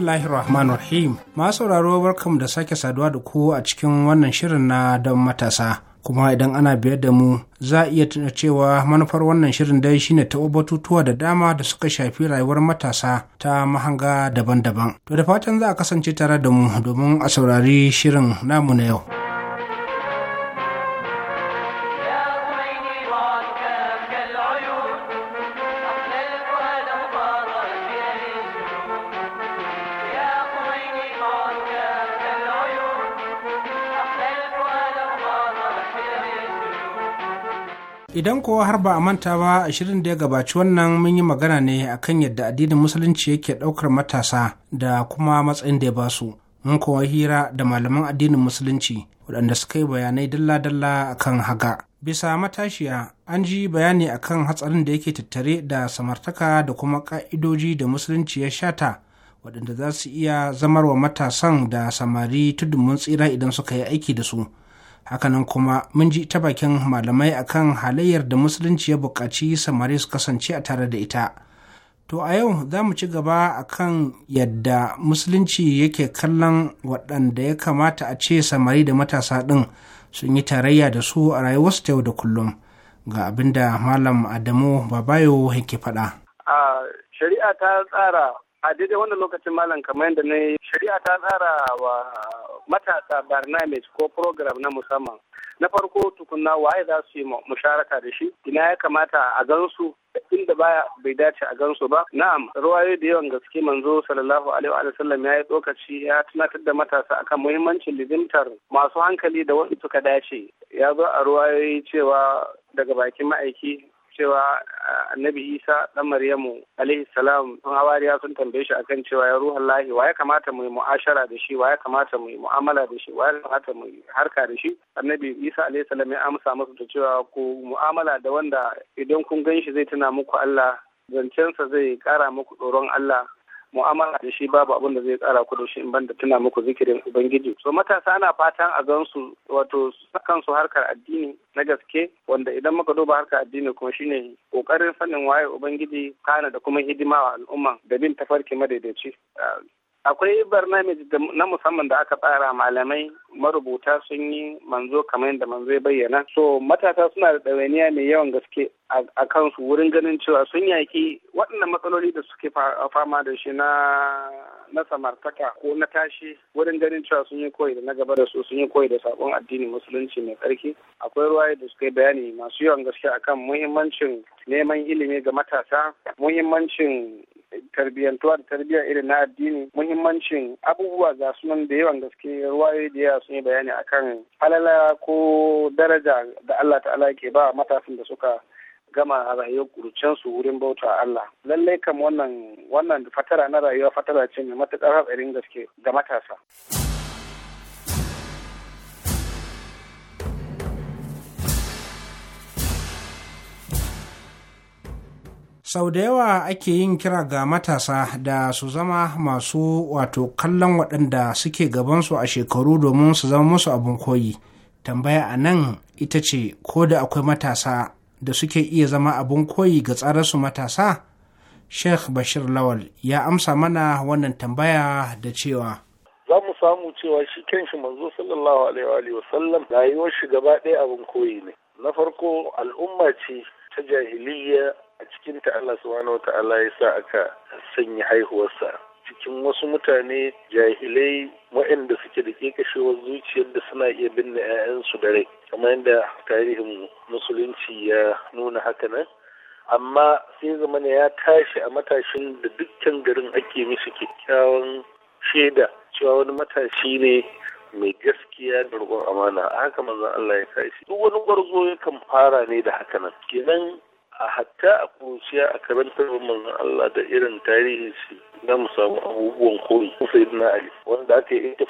bismillahi rahman rahim masu sauraro barkamu da sake saduwa da ku a cikin wannan shirin na don matasa kuma idan ana biyar da mu za a iya tuna cewa manufar wannan shirin dai shine taɓo batutuwa da dama da suka shafi rayuwar matasa ta mahanga daban-daban to da fatan za a kasance tare da mu domin a saurari shirin namu na yau Idan kowa har ba a manta ba a shirin da ya gabaci wannan mun yi magana ne akan yadda addinin musulunci yake ɗaukar matasa da kuma matsayin da ya ba su. Mun kowa hira da malaman addinin musulunci waɗanda suka yi bayanai dalla-dalla akan haga. Bisa matashiya an ji bayani akan hatsarin da yake tattare da samartaka da kuma ka'idoji da musulunci ya shata waɗanda za su iya zamarwa matasan da samari tudun mun tsira idan suka yi aiki da su. hakanan kuma mun ji ta bakin malamai akan halayyar da musulunci ya buƙaci samari su kasance a tare da ita to a yau za mu ci gaba akan yadda musulunci yake kallon waɗanda ya kamata a ce samari da matasa ɗin sun yi tarayya da su a rayuwarsu ta yau da kullum ga abinda malam adamu babayo yake faɗa. shari'a ta tsara a daidai wannan lokacin malam kamar yadda ne shari'a ta tsara wa matasa mai ko program na musamman na farko tukunna waye za su yi musharaka da shi ina ya kamata a gansu inda baya bai dace a gansu ba na'am ruwaye da yawan gaske manzo sallallahu alaihi wa sallam ya yi tsokaci ya tunatar da matasa akan muhimmancin lidimtar masu hankali da wasu suka dace ya zo a ruwaye cewa daga bakin ma'aiki cewa annabi isa dan maryamu alaihi salam sun hawariya sun tambaye shi akan cewa ya ruhan lahi wa ya kamata mu yi mu'ashara da shi wa ya kamata mu yi mu'amala da shi wa ya kamata mu yi harka da shi annabi isa alaihi salam ya amsa musu da cewa ku mu'amala da wanda idan kun gan shi zai tuna muku allah zancensa zai kara muku tsoron allah mu'amala da shi babu abin da zai tsara ku da shi in banda tuna muku zikirin ubangiji so matasa ana fatan a gansu wato kansu harkar addini na gaske wanda idan muka duba harkar addini kuma shine kokarin sanin waye ubangiji kana da kuma hidima wa al'umma da bin tafarki madaidaici ah, akwai barnamij na musamman da aka tsara malamai marubuta sun yi manzo kamar yadda manzo ya bayyana so matasa suna da ɗawainiya mai yawan gaske a kansu wurin ganin cewa sun yaki waɗannan matsaloli da suke fama da shi na na samartaka ko na tashi wurin ganin cewa sun yi koyi da na gaba da su sun yi koyi da sabon addini musulunci mai tsarki akwai ruwaye da suka yi bayani masu yawan gaske akan muhimmancin neman ilimi ga matasa muhimmancin tarbiyyantuwa da tarbiyyar irin na addini muhimmancin abubuwa ga sunan da yawan gaske ruwaye da yawa sun yi bayani akan halala ko daraja da Allah ta'ala ke ba matasan da suka gama a rayuwar kurucensu wurin bauta Allah. Lallai kam wannan wannan fatara na rayuwa fatara ce mai matuƙar hatsarin gaske ga matasa. sau da yawa ake yin kira ga matasa da su zama masu wato kallon waɗanda suke gabansu a shekaru domin su zama musu abin koyi tambaya a nan ita ce ko da akwai matasa da suke iya zama abin koyi ga tsararsu matasa sheikh bashir lawal ya amsa mana wannan tambaya da cewa za mu samu cewa shi kenshi manzo sallallahu alaihi wa sallam rayuwar shi gaba ɗaya abin koyi ne na farko al'umma ce ta jahiliya a cikin ta Allah subhanahu wata'ala ya sa aka sanya haihuwarsa cikin wasu mutane jahilai waɗanda suke da kekashewar zuciyar da suna iya binne 'ya'yansu da rai kamar yadda tarihin musulunci ya nuna haka nan amma sai zamana ya tashi a matashin da dukkan garin ake mishi kyakkyawan shaida cewa wani matashi ne mai gaskiya da amana. amana haka manzon Allah ya tashi duk wani gwarzo yakan fara ne da haka nan kenan a hatta a kuruciya a karantar manzon Allah da irin tarihin shi na mu samu abubuwan koyi sai na Ali wanda aka yi da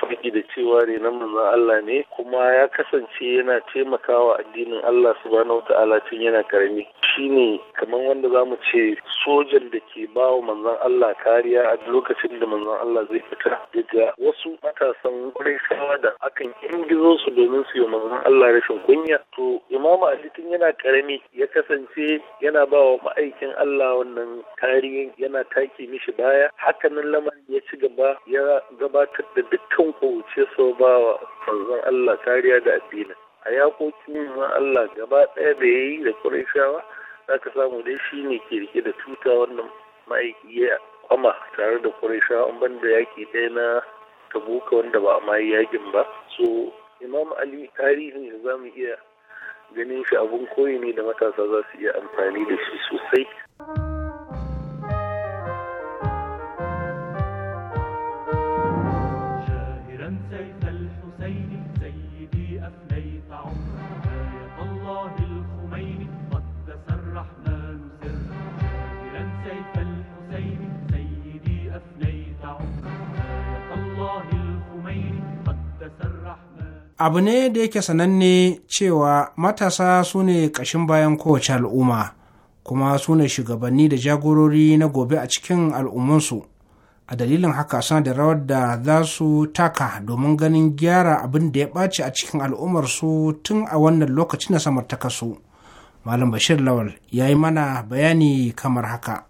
cewa na manzon Allah ne kuma ya kasance yana taimakawa addinin Allah subhanahu ta'ala tun yana karami shine kamar wanda za mu ce sojan da ke ba wa manzon Allah kariya a lokacin da manzon Allah zai fita daga wasu matasan wurin da akan ingizo su domin su yi manzon Allah rashin kunya to Imam Ali tun yana karami ya kasance yana ba wa ma'aikin Allah wannan tarihin yana take mishi baya hakanan lamarin ya ci gaba ya gabatar da dukkan kowace so ba wa manzon Allah kariya da addinin a yakokin ma Allah gaba ɗaya da ya yi da Qurayshawa zaka samu dai shi ne ke rike da tuta wannan ma'aiki ya kwama tare da Qurayshawa an banda yaki ɗaya na Tabuka wanda ba a ma yakin ba so Imam Ali tarihin da zamu iya ganin shi abun koyi ne da matasa za su iya amfani da shi sosai. abu ne da yake sananne cewa matasa su ne ƙashin bayan kowace al'umma kuma su ne shugabanni da jagorori na gobe a cikin al'ummansu a dalilin haka suna da rawar da za su taka domin ganin gyara abin da ya ɓace a cikin al'ummarsu tun a wannan lokacin na samartakarsu malam bashir lawal ya yi mana bayani kamar haka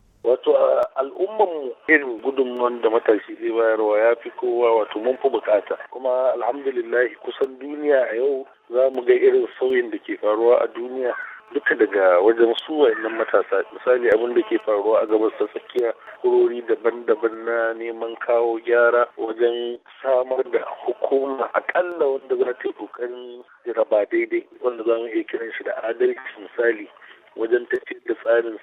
mu irin gudunmuwan da matashi zai bayarwa ya fi kowa wato mun fi bukata kuma alhamdulillah kusan duniya a yau za mu ga irin sauyin da ke faruwa a duniya duka daga wajen su wayannan matasa misali abin da ke faruwa a gabas ta tsakiya kurori daban-daban na neman kawo gyara wajen samar da hukuma akalla wanda za ta yi kokarin raba daidai wanda za mu iya kiran shi da adalci misali wajen tafiyar da tsarin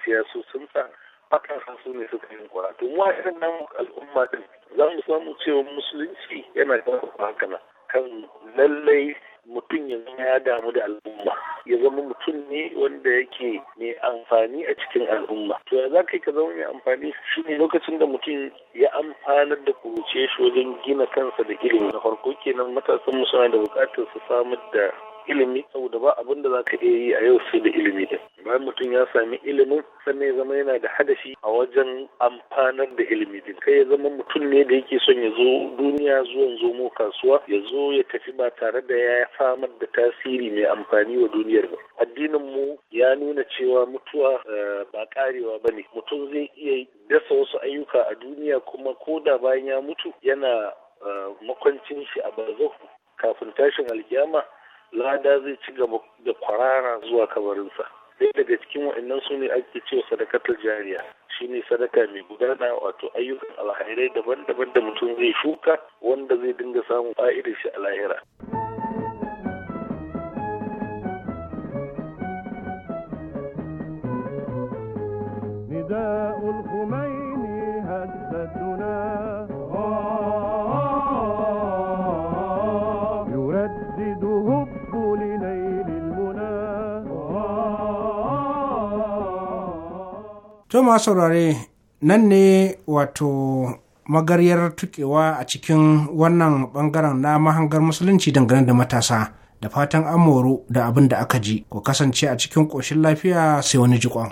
sa. akan su ne suka yi kura to mu nan al'umma din za mu samu cewa musulunci yana da hankala kan lallai mutum ya zama ya damu da al'umma ya zama mutum ne wanda yake mai amfani a cikin al'umma to ya za kai ka zama mai amfani shi ne lokacin da mutum ya amfanar da kuruce shi wajen gina kansa da ilimi na farko kenan matasan musulmai da bukatar su samar da ilimi saboda ba abin da za ka iya yi a yau sai da ilimi din bayan mutum ya sami ilimin sannan ya zama yana da hadashi a wajen amfanar da ilimi din kai ya zama mutum ne da yake son ya zo duniya zuwan zomo kasuwa ya zo ya tafi ba tare da ya samar da tasiri mai amfani wa duniyar ba addinin mu ya nuna cewa mutuwa eh, ba karewa ba ne mutum zai iya dasa wasu ayyuka a duniya kuma ko da bayan ya mutu yana eh, makwancin shi a bazo kafin tashin alkiyama lada zai ci gaba da kwarara zuwa kabarinsa sai daga cikin wa'annan su ne ake cewa sadakatar jariya shine sadaka mai gudana wato ayyukan alhairai daban-daban da mutum zai shuka wanda zai dinga samun fa'idar shi a lahira. to ma saurare nan ne wato magaryar tukewa a cikin wannan bangaren na mahangar musulunci dangane da matasa da fatan amoru da abin da aka ji ku kasance a cikin ƙoshin lafiya sai wani jikon.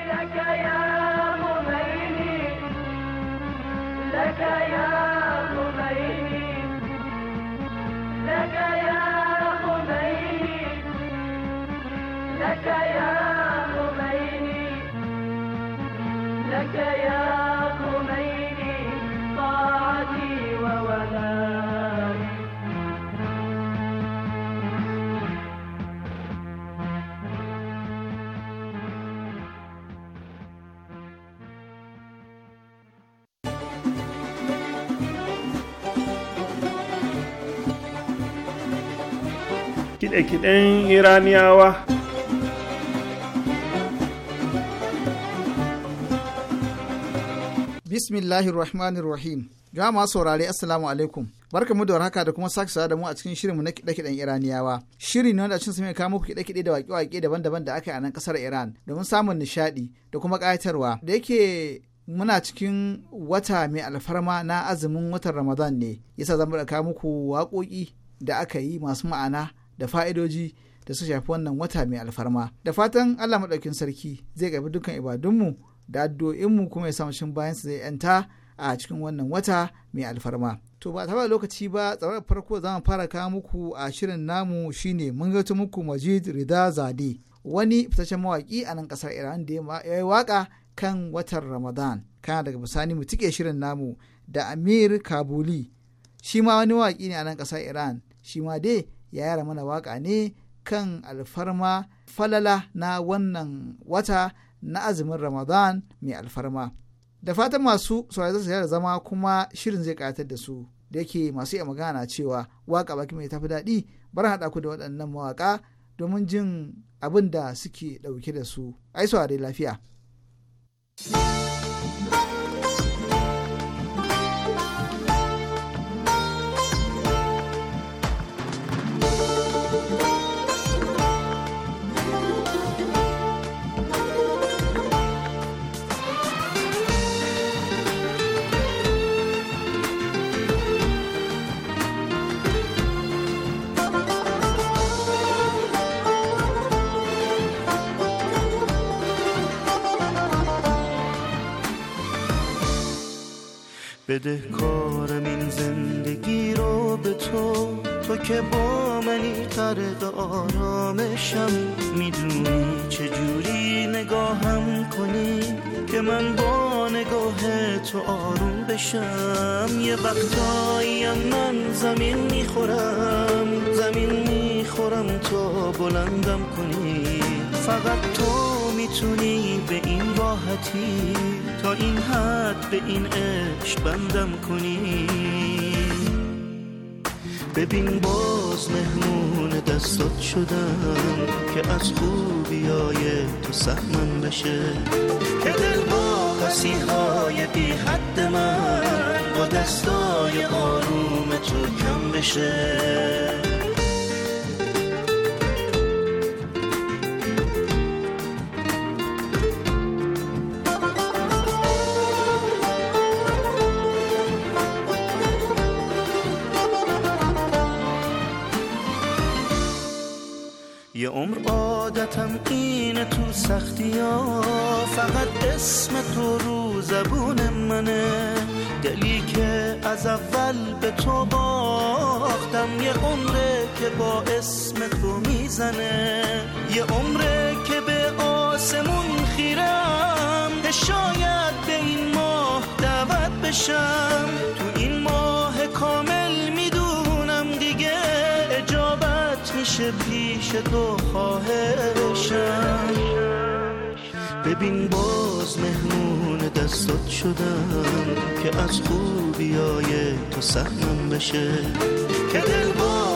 kide-kiden iraniyawa bismillahirrahmanirrahim rahmanir rahim jama saurare assalamu alaikum mu da warhaka da kuma sake da mu a cikin shirinmu na kiɗe-kiɗen iraniyawa shiri ne wanda cin su mai kawo muku kiɗe-kiɗe da waƙe-waƙe daban-daban da aka yi a nan ƙasar iran domin samun nishaɗi da kuma ƙayatarwa da yake muna cikin wata mai alfarma na azumin watan ramadan ne yasa zan kawo muku waƙoƙi da aka yi masu ma'ana da fa'idoji da su shafi wannan wata mai alfarma da fatan allah maɗaukin sarki zai karbi dukkan ibadunmu da addu'o'inmu kuma ya samu shin bayan zai yanta a cikin wannan wata mai alfarma to ba ta lokaci ba tsawon farko za mu fara kawo muku a shirin namu shine mun gato muku majid rida zade wani fitaccen mawaƙi a nan ƙasar iran da ya yi waƙa kan watan ramadan kana daga bisani mu tike shirin namu da amir kabuli shi ma wani waƙi ne a nan ƙasar iran shi ma dai ya yara mana waka ne kan alfarma falala na wannan wata na azumin ramadan mai alfarma da fatan masu saurari su da zama kuma shirin zai ƙayatar da su da yake masu iya magana cewa waƙa baki mai tafi daɗi bar haɗa ku da waɗannan mawaƙa domin jin abin da suke ɗauke da su ai saurari lafiya. بده کارم این زندگی رو به تو تو که با منی طرق آرامشم میدونی چجوری نگاهم کنی که من با نگاه تو آروم بشم یه وقتایی من زمین میخورم زمین میخورم تو بلندم کنی فقط تو میتونی به این راحتی تا این حد به این عشق بندم کنی ببین باز مهمون دستات شدم که از خوبیای تو سهمم بشه که دل با های بی حد من با دستای آروم تو کم بشه یه عمر عادتم اینه تو سختی ها فقط اسم تو رو زبون منه دلی که از اول به تو باختم یه عمره که با اسم تو میزنه یه عمره که به آسمون خیرم شاید به این ماه دعوت بشم پیش تو خواهشم ببین باز مهمون دستات شدم که از خوبیای تو سهمم بشه که دل با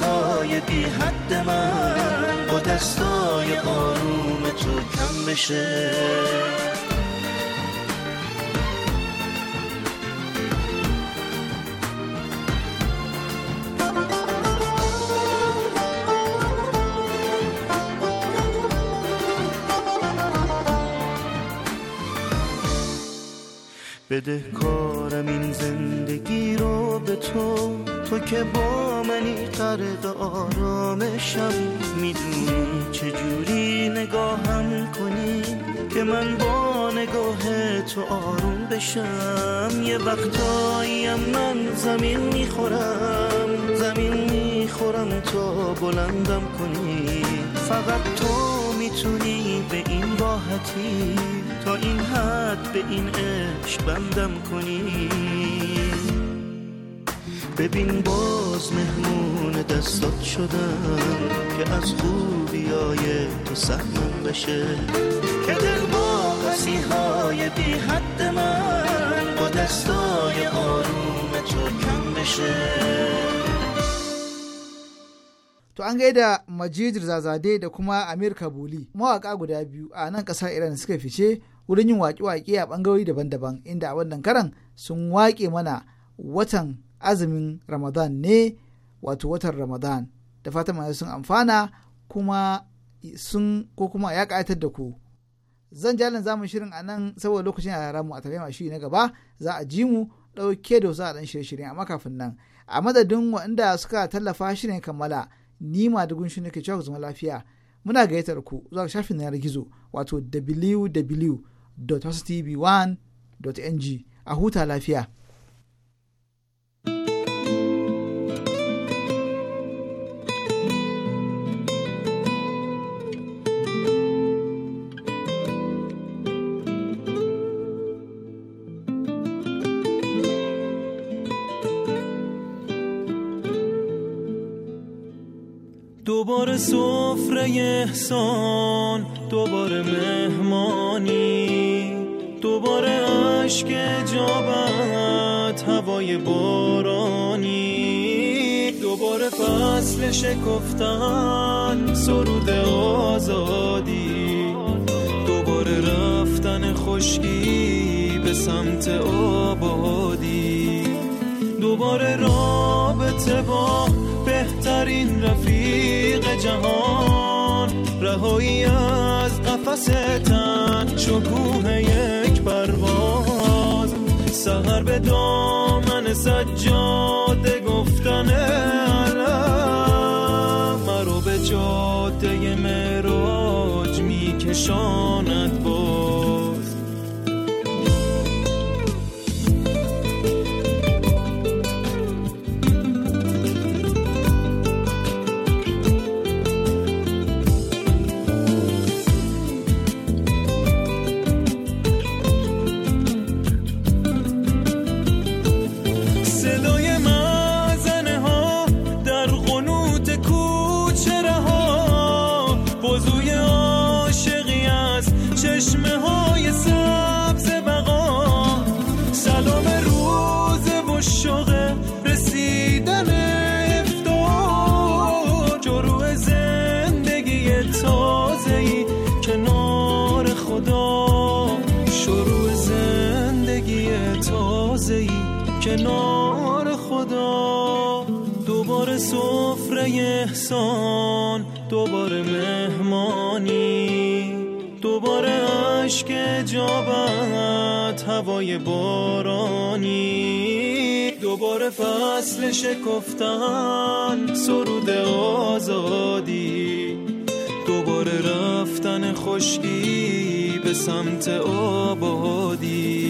های بی حد من با دستای آروم تو کم بشه بده کارم این زندگی رو به تو تو که با منی قرق آرامشم میدونی چجوری نگاهم کنی که من با نگاه تو آروم بشم یه وقتایی من زمین میخورم زمین میخورم تو بلندم کنی فقط تو میتونی به این راحتی تا این حد به این عشق بندم کنی ببین باز مهمون دستات شدم که از خوبیای تو سهمم بشه که دل با های بی حد من با دستای آروم تو کم بشه To an gaida Majijir Zazade da kuma Amir Kabuli, mawaka guda biyu a nan ƙasar Iran suka fice wurin yin waƙe-waƙe a ɓangarori daban-daban inda a wannan karan sun waƙe mana watan azumin Ramadan ne wato watan Ramadan. Da fatan mana sun amfana kuma sun ko kuma ya ƙayatar da ku. Zan jalin zamu shirin a nan saboda lokacin a mu a tafiya shi na gaba za a ji mu ɗauke da wasu a ɗan shirye-shirye amma kafin nan. A madadin waɗanda suka tallafa shirin kammala. ni madugun shi ne ke cewa zama lafiya muna gayyatar ku zuwa shafin na yanar gizo wato www.hostv1.ng a huta lafiya. دوباره سفره احسان دوباره مهمانی دوباره عشق جابت هوای بارانی دوباره فصل شکفتن سرود آزادی دوباره رفتن خشکی به سمت آبادی دوباره رابطه با بهترین رفیق جهان رهایی از قفس تن شکوه یک پرواز سهر به دامن سجاده گفتن علم مرو به جاده مراج میکشاند با انسان دوباره مهمانی دوباره عشق جابت هوای بارانی دوباره فصل شکفتن سرود آزادی دوباره رفتن خشکی به سمت آبادی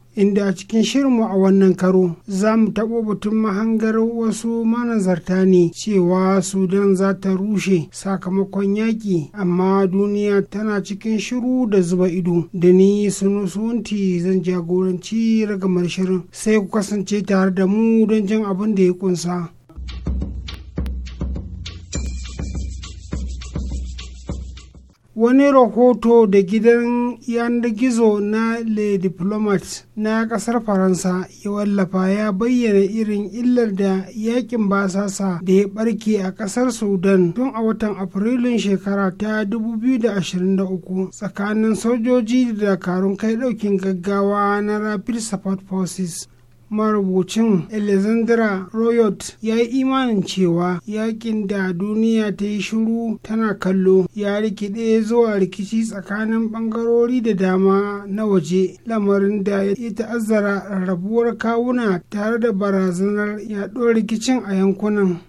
inda a cikin shirinmu a wannan karo za mu taɓo batun mahangar wasu manazarta ne cewa sudan za ta rushe sakamakon yaƙi amma duniya tana cikin shiru da zuba ido da ni sunti zan jagoranci ragamar shirin sai ku kasance tare da mu don jin abin da ya kunsa. wani rahoto da gidan yanar gizo na le diplomat na kasar faransa ya wallafa ya bayyana irin illar da yakin basasa da ya barke a kasar sudan tun a watan afrilun shekara ta 2023 tsakanin sojoji da dakarun kai daukin gaggawa na rapid support forces marubucin alexandra royot ya yi imanin cewa yakin da duniya ta yi shiru tana kallo ya rikide zuwa rikici tsakanin bangarori da dama na waje lamarin da ya ta'azzara rarrabuwar kawuna tare da barazanar yaɗuwar rikicin a yankunan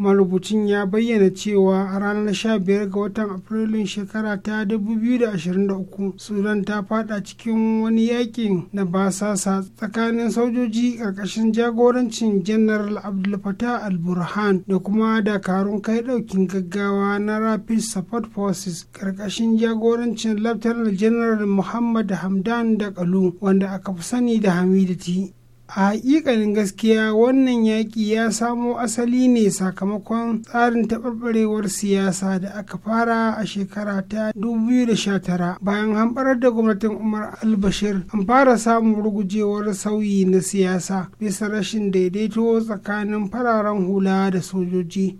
marubucin ya bayyana cewa a ranar 15 ga watan afrilun shekara ta 2023 sudan ta fada cikin wani yakin na basasa tsakanin sojoji karkashin jagorancin general abdul fatah al-burhan da kuma dakarun kai daukin gaggawa na rapid support forces karkashin jagorancin lieutenant general muhammad hamdan da kalu wanda aka fi sani da hamidati a hakikalin gaskiya wannan yaƙi ya samo asali ne sakamakon tsarin taɓarɓarewar siyasa da aka fara a shekara ta 2019 bayan hamɓarar da gwamnatin umar albashir an fara samun rugujewar sauyi na siyasa bisa rashin daidaito tsakanin fararen hula da sojoji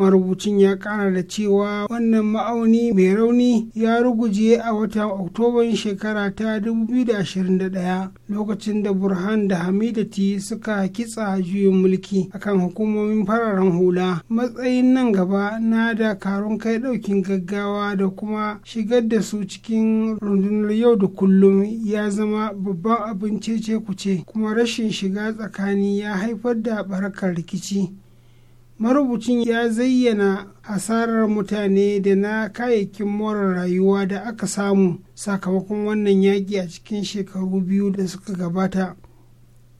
marubucin ya kara da cewa wannan ma'auni mai rauni ya ruguje a watan oktoban shekara ta 2021 lokacin da burhan da hamidati suka kitsa juyin mulki akan hukumomin fararen hula matsayin nan gaba na dakarun kai daukin gaggawa da kuma shigar da su cikin rundunar yau da kullum ya zama babban abin cece kuce kuma rashin shiga tsakani ya haifar da barakar rikici marubucin ya zayyana asarar mutane da na kayayyakin more rayuwa da aka samu sakamakon wannan yaƙi a cikin shekaru biyu da suka gabata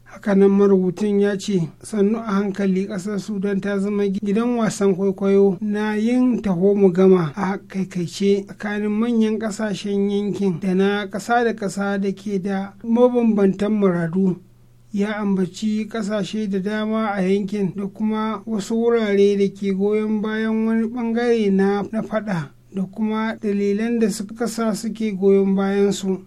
hakanan marubucin ya ce sannu a hankali ƙasar sudan ta zama gidan wasan kwaikwayo na yin taho mu gama a kaikaice tsakanin manyan ƙasashen yankin da na ƙasa da ƙasa da ke da mabambantan muradu ya ambaci kasashe da dama a yankin da kuma wasu wurare da ke goyon bayan wani bangare na fada da kuma dalilan da suka kasa suke goyon bayansu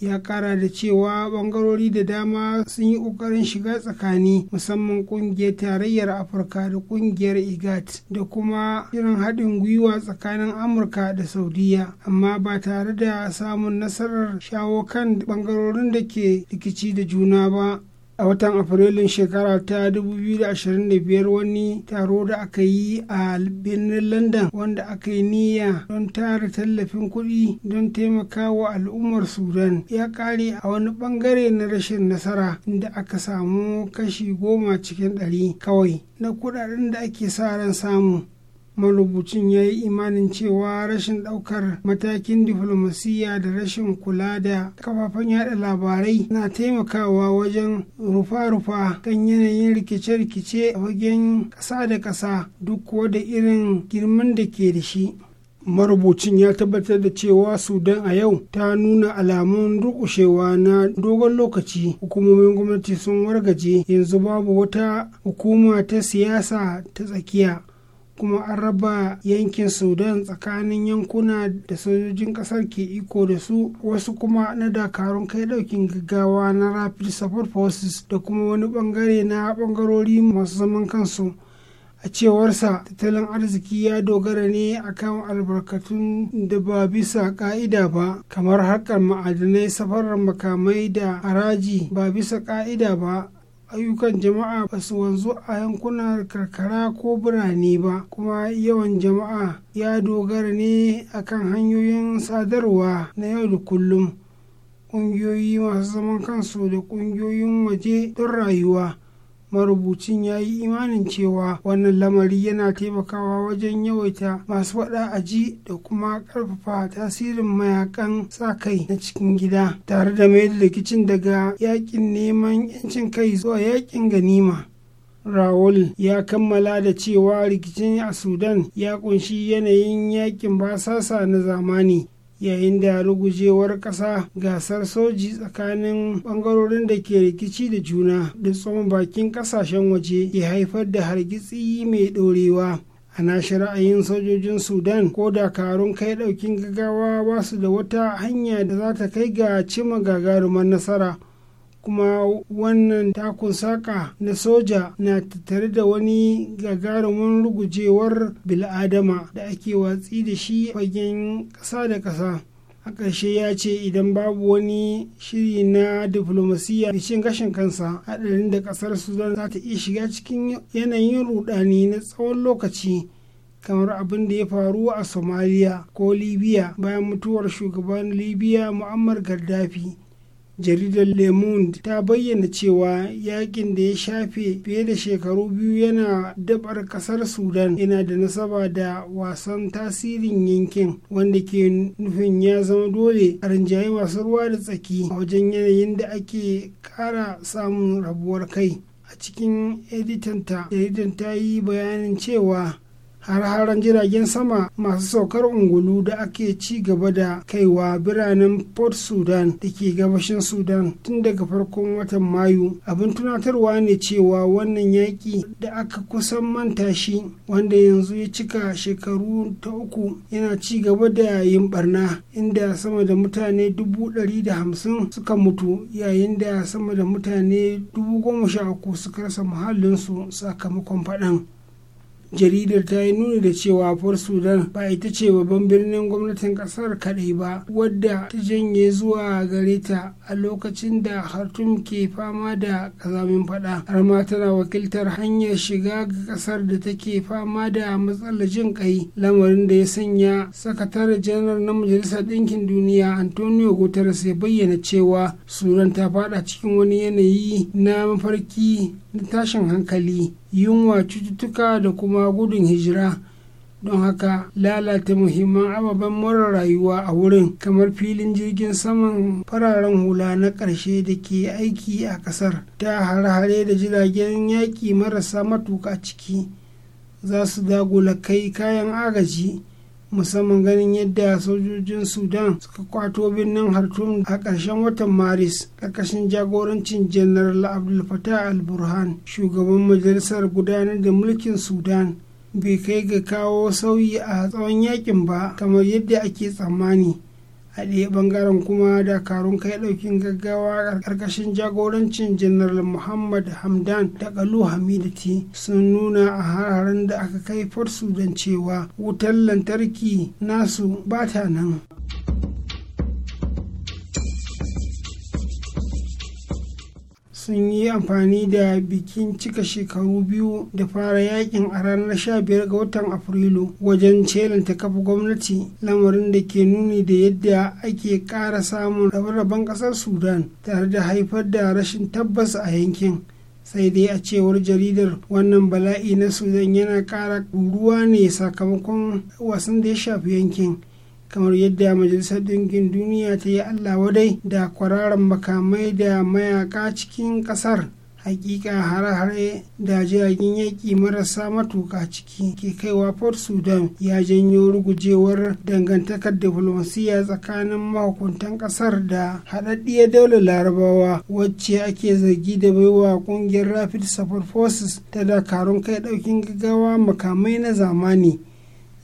ya kara da cewa bangarori da dama sun yi kokarin shiga tsakani musamman kungiyar tarayyar afirka da kungiyar igat da kuma irin haɗin gwiwa tsakanin amurka da saudiya amma ba tare da samun nasarar shawo kan bangarorin da ke rikici da juna ba a watan afrilun shekara ta 2025 wani taro da aka yi a birnin london wanda aka yi niyya don tara tallafin kuɗi don taimaka wa al'ummar sudan ya kare a wani bangare na rashin nasara inda aka samu kashi goma cikin ɗari kawai na kuɗaɗen da ake sa ran samu marubucin ya yi imanin cewa rashin ɗaukar matakin diflomasiyya da rashin kula da kafafen yada labarai na taimakawa wajen rufa-rufa kan yanayin rikice-rikice a fagen ƙasa da ƙasa duk kuwa da irin girman da ke da shi marubucin ya tabbatar da cewa sudan a yau ta nuna alamun rukushewa na dogon lokaci hukumomin gwamnati sun wargaje yanzu babu wata hukuma ta siyasa ta tsakiya kuma an raba yankin sudan tsakanin yankuna da sojojin kasar ke iko da su wasu kuma na dakarun kai daukin gaggawa na rapid support forces da kuma wani bangare na bangarori masu zaman kansu a cewarsa tattalin arziki ya dogara ne akan albarkatun da ba bisa ka'ida ba kamar harkar ma'adanai safarar makamai da haraji ba bisa ka'ida ba ayyukan jama'a ba su wanzu a yankunan karkara ko birane ba kuma yawan jama'a ya dogara ne akan hanyoyin sadarwa na yau da kullum ƙungiyoyi masu zaman kansu da ƙungiyoyin waje don rayuwa marubucin ya yi imanin cewa wannan lamari yana taimakawa wajen yawaita masu faɗa a ji da kuma ƙarfafa tasirin mayakan sa kai na cikin gida tare da mai rikicin daga yakin neman 'yancin kai zuwa yakin ganima Rawul ya kammala da cewa rikicin a Sudan ya kunshi yanayin yakin basasa na zamani yayin da rugujewar ƙasa gasar soji tsakanin ɓangarorin da ke rikici da juna da tsohon bakin ƙasashen waje ke haifar da hargitsi mai ɗorewa a nashi ra'ayin sojojin sudan ko dakarun kai ɗaukin gaggawa ba su da wata hanya da za ta kai ga cima gagarumar nasara kuma wannan takun saka na soja na tattare da wani gagarumin rugujewar bil'adama da ake watsi da shi fagen ƙasa da ƙasa a ƙarshe ya ce idan babu wani shiri na diflomasiyya da cin gashin kansa haɗarin da ƙasar sudan za ta iya shiga cikin yanayin rudani na tsawon lokaci kamar abin da ya faru a somaliya ko libya bayan mutuwar shugaban libya muammar gaddafi jaridar le monde ta bayyana cewa yakin da ya shafe fiye da shekaru biyu yana dabar kasar sudan yana da nasaba da wasan tasirin yankin wanda ke nufin ya zama dole a rinjaye masu ruwa da tsaki a wajen yanayin da ake kara samun rabuwar kai a cikin editanta jaridar ta yi bayanin cewa har-haren jiragen sama masu saukar ungulu da ake ci gaba da kaiwa biranen port sudan da ke gabashin sudan tun daga farkon watan mayu abin tunatarwa ne cewa wannan yaƙi da aka kusan manta shi wanda yanzu ya cika shekaru ta uku yana ci gaba da yin barna inda sama da mutane dubu ɗari da hamsin suka mutu yayin da sama da mutane dubu goma sha uku suka rasa muhallinsu sakamakon faɗan jaridar ta yi nuna da cewa for sudan ba ita ce babban birnin gwamnatin kasar kaɗai ba wadda ta janye zuwa gare ta a lokacin da hartum ke fama da kazamin fada har ma tana wakiltar hanyar shiga ga kasar da take fama da matsalar jin kai lamarin da ya sanya sakatare janar na majalisar ɗinkin duniya antonio guterres ya bayyana cewa sudan ta fada cikin wani yanayi na mafarki Na tashin hankali yunwa cututtuka da kuma gudun hijira don haka lalata muhimman ababen mara rayuwa a wurin kamar filin jirgin saman fararen hula na ƙarshe da ke aiki a ƙasar ta hare-hare da jiragen yaƙi marasa matuka ciki za su dagula kai kayan agaji musamman ganin yadda sojojin sudan suka kwato birnin hartum a ƙarshen watan maris ƙarƙashin jagorancin janaral AbdulFatah fatah al-burhan shugaban majalisar gudanar da mulkin sudan bai kai ga kawo sauyi a tsawon yakin ba kamar yadda ake tsammani a ɓangaren kuma dakarun kai ɗaukin gaggawa a ƙarƙashin jagorancin janar muhammad hamdan da kalu hamidati sun nuna a hararen da aka kai farsu don cewa wutar lantarki nasu ba ta nan sun yi amfani da bikin cika shekaru biyu da fara yakin a ranar 15 ga watan afrilu wajen ta kafa gwamnati lamarin da ke nuni da yadda ake kara samun rabe-raben ƙasar sudan tare da haifar da rashin tabbas a yankin sai dai a cewar jaridar wannan bala'i na sudan yana kara ruwa ne sakamakon wasan da ya shafi yankin kamar yadda majalisar dinkin duniya ta yi allah wadai da kwararan makamai da mayaka cikin ƙasar hakika hare-hare da jiragen yaƙi marasa matuka ciki ke kaiwa port sudan ya janyo rugujewar dangantakar diflomasiyya tsakanin mahukuntan ƙasar da haɗaɗɗiyar daular larabawa wacce ake zargi da baiwa ƙungiyar rapid support forces ta dakarun kai ɗaukin gaggawa makamai na zamani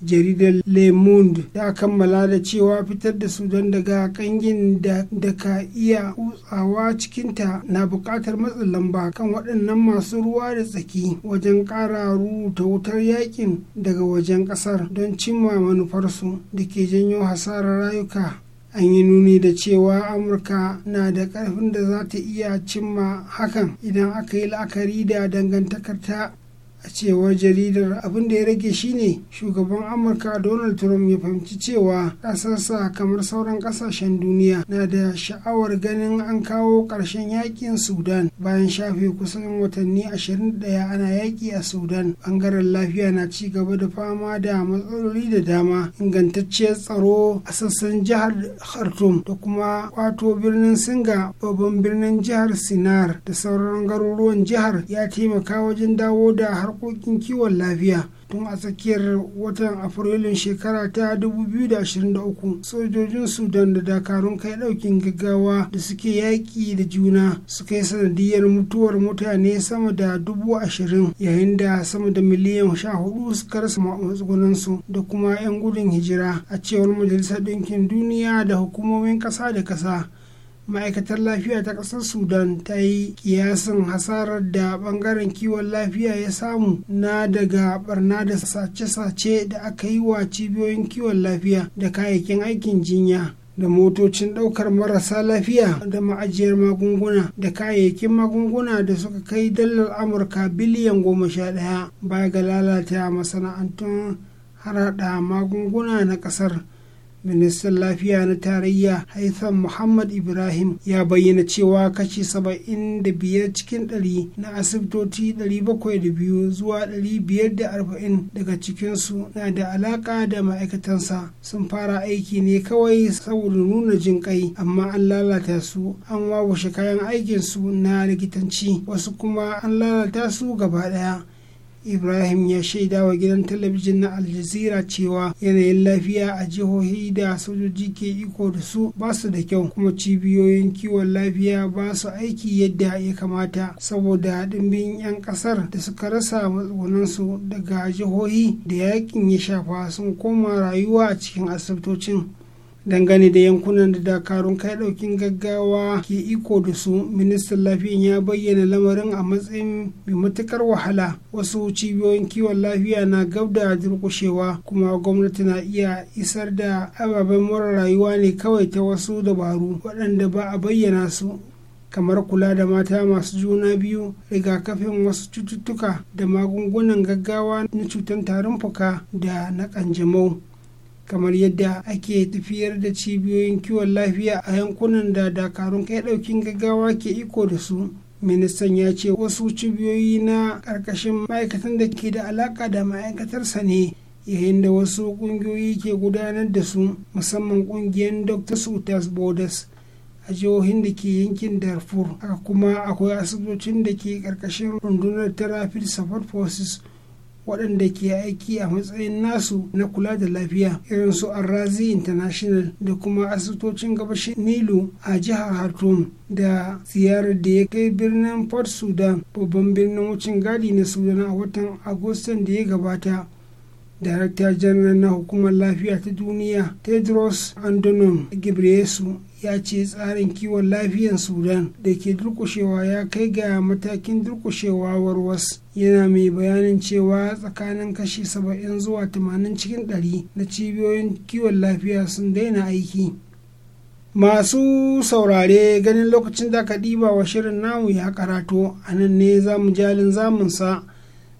jaridar le monde ya kammala da cewa fitar da sudan daga kangin da ka iya kutsawa cikinta na buƙatar matsin lamba kan waɗannan masu ruwa da tsaki wajen ƙara rubuta wutar yakin daga wajen ƙasar don cimma manufarsu da ke janyo hasarar rayuka an yi nuni da cewa amurka na da ƙarfin da za ta iya cimma hakan idan aka yi la'akari da dangantakarta a cewar jaridar abin da ya rage shine shugaban amurka donald trump ya fahimci cewa ƙasarsa kamar sauran ƙasashen duniya na da sha'awar ganin an kawo ƙarshen yakin sudan bayan shafe kusan watanni 21 ana yaƙi a sudan Bangaren lafiya na ci gaba da fama da matsaloli da dama ingantacciyar tsaro a sassan jihar khartoum da kuma kwato birnin singa babban birnin jihar sinar da sauran garuruwan jihar ya taimaka wajen dawo da harkokin kiwon lafiya tun a tsakiyar watan afrilun shekara ta 2023 sojojin sudan da dakarun kai daukin gaggawa da suke yaƙi da juna suka yi sanadiyar mutuwar mutane sama da dubu ashirin yayin da sama da miliyan sha hudu suka rasa matsugunansu da kuma 'yan gudun hijira a cewar majalisar ɗinkin duniya da hukumomin ƙasa da ƙasa ma'aikatar lafiya ta ƙasar sudan ta yi kiyasin hasarar da ɓangaren kiwon lafiya ya samu na daga barna da sace-sace da aka yi wa cibiyoyin kiwon lafiya da kayayyakin aikin jinya da motocin ɗaukar marasa lafiya da ma'ajiyar magunguna da kayayyakin magunguna da suka kai dalar amurka biliyan goma sha ɗaya baya ga lalata masana'antun harada magunguna na ƙasar. ministan lafiya na tarayya haitham muhammad ibrahim ya bayyana cewa kashi 75 cikin 100 na asibitoci 702 zuwa 540 daga cikinsu na da alaka da ma'aikatansa sun fara aiki ne kawai saboda nuna jin kai amma an lalata su an wawashe kayan aikinsu na likitanci wasu kuma an lalata su gaba daya ibrahim ya shaida wa gidan talabijin na aljazira cewa yanayin lafiya a jihohi da sojoji ke iko da su ba su da kyau kuma cibiyoyin kiwon lafiya ba su aiki yadda ya kamata saboda dimbin 'yan kasar da suka rasa matsugunansu daga jihohi da yakin ya shafa sun koma rayuwa cikin asibitocin dangane da yankunan da dakarun kai daukin gaggawa ke iko da su ministan lafiyan ya bayyana lamarin a matsayin mai matukar wahala wasu cibiyoyin kiwon lafiya na gab da durkushewa kuma gwamnati na iya isar da ababen mara rayuwa ne kawai ta wasu dabaru waɗanda ba a bayyana su kamar kula da mata masu juna biyu rigakafin wasu cututtuka da magungunan gaggawa na cutar tarin fuka da na kanjamau kamar yadda ake tafiyar da cibiyoyin kiwon lafiya a yankunan da dakarun kai daukin gaggawa ke iko da su ministan ya ce wasu cibiyoyi na karkashin ma'aikatan da ke da alaka da ma'aikatarsa ne yayin da wasu kungiyoyi ke gudanar da su musamman kungiyar dr sutas borders a jihohin da ke yankin darfur haka kuma akwai asibitocin da ke karkashin rundunar ta rapid support forces waɗanda ke aiki a matsayin nasu na kula da lafiya irin su arrazi international da kuma asibitocin gabashin nilu a jihar khartoum da ziyarar da ya kai birnin port sudan babban birnin wucin gadi na sudan a watan agustan da ya gabata darakta janar na hukumar lafiya ta duniya tedros andonon Ghebreyesu ya ce tsarin kiwon lafiyan sudan da ke durkushewa ya kai ga matakin durkushewa warwas yana mai bayanin cewa tsakanin kashi 70 zuwa 80 cikin 100 na cibiyoyin kiwon lafiya sun daina aiki masu saurare ganin lokacin da aka diba wa shirin namu ya karato anan nan ne zamu jalin zamun sa.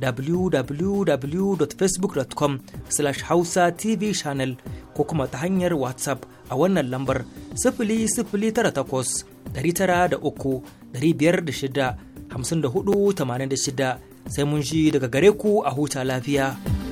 www.facebook.com slash hausa tv channel ko kuma ta hanyar whatsapp a wannan lambar biyar da shida hamsin da hudu tamanin da sai mun ji daga gare ku a huta lafiya.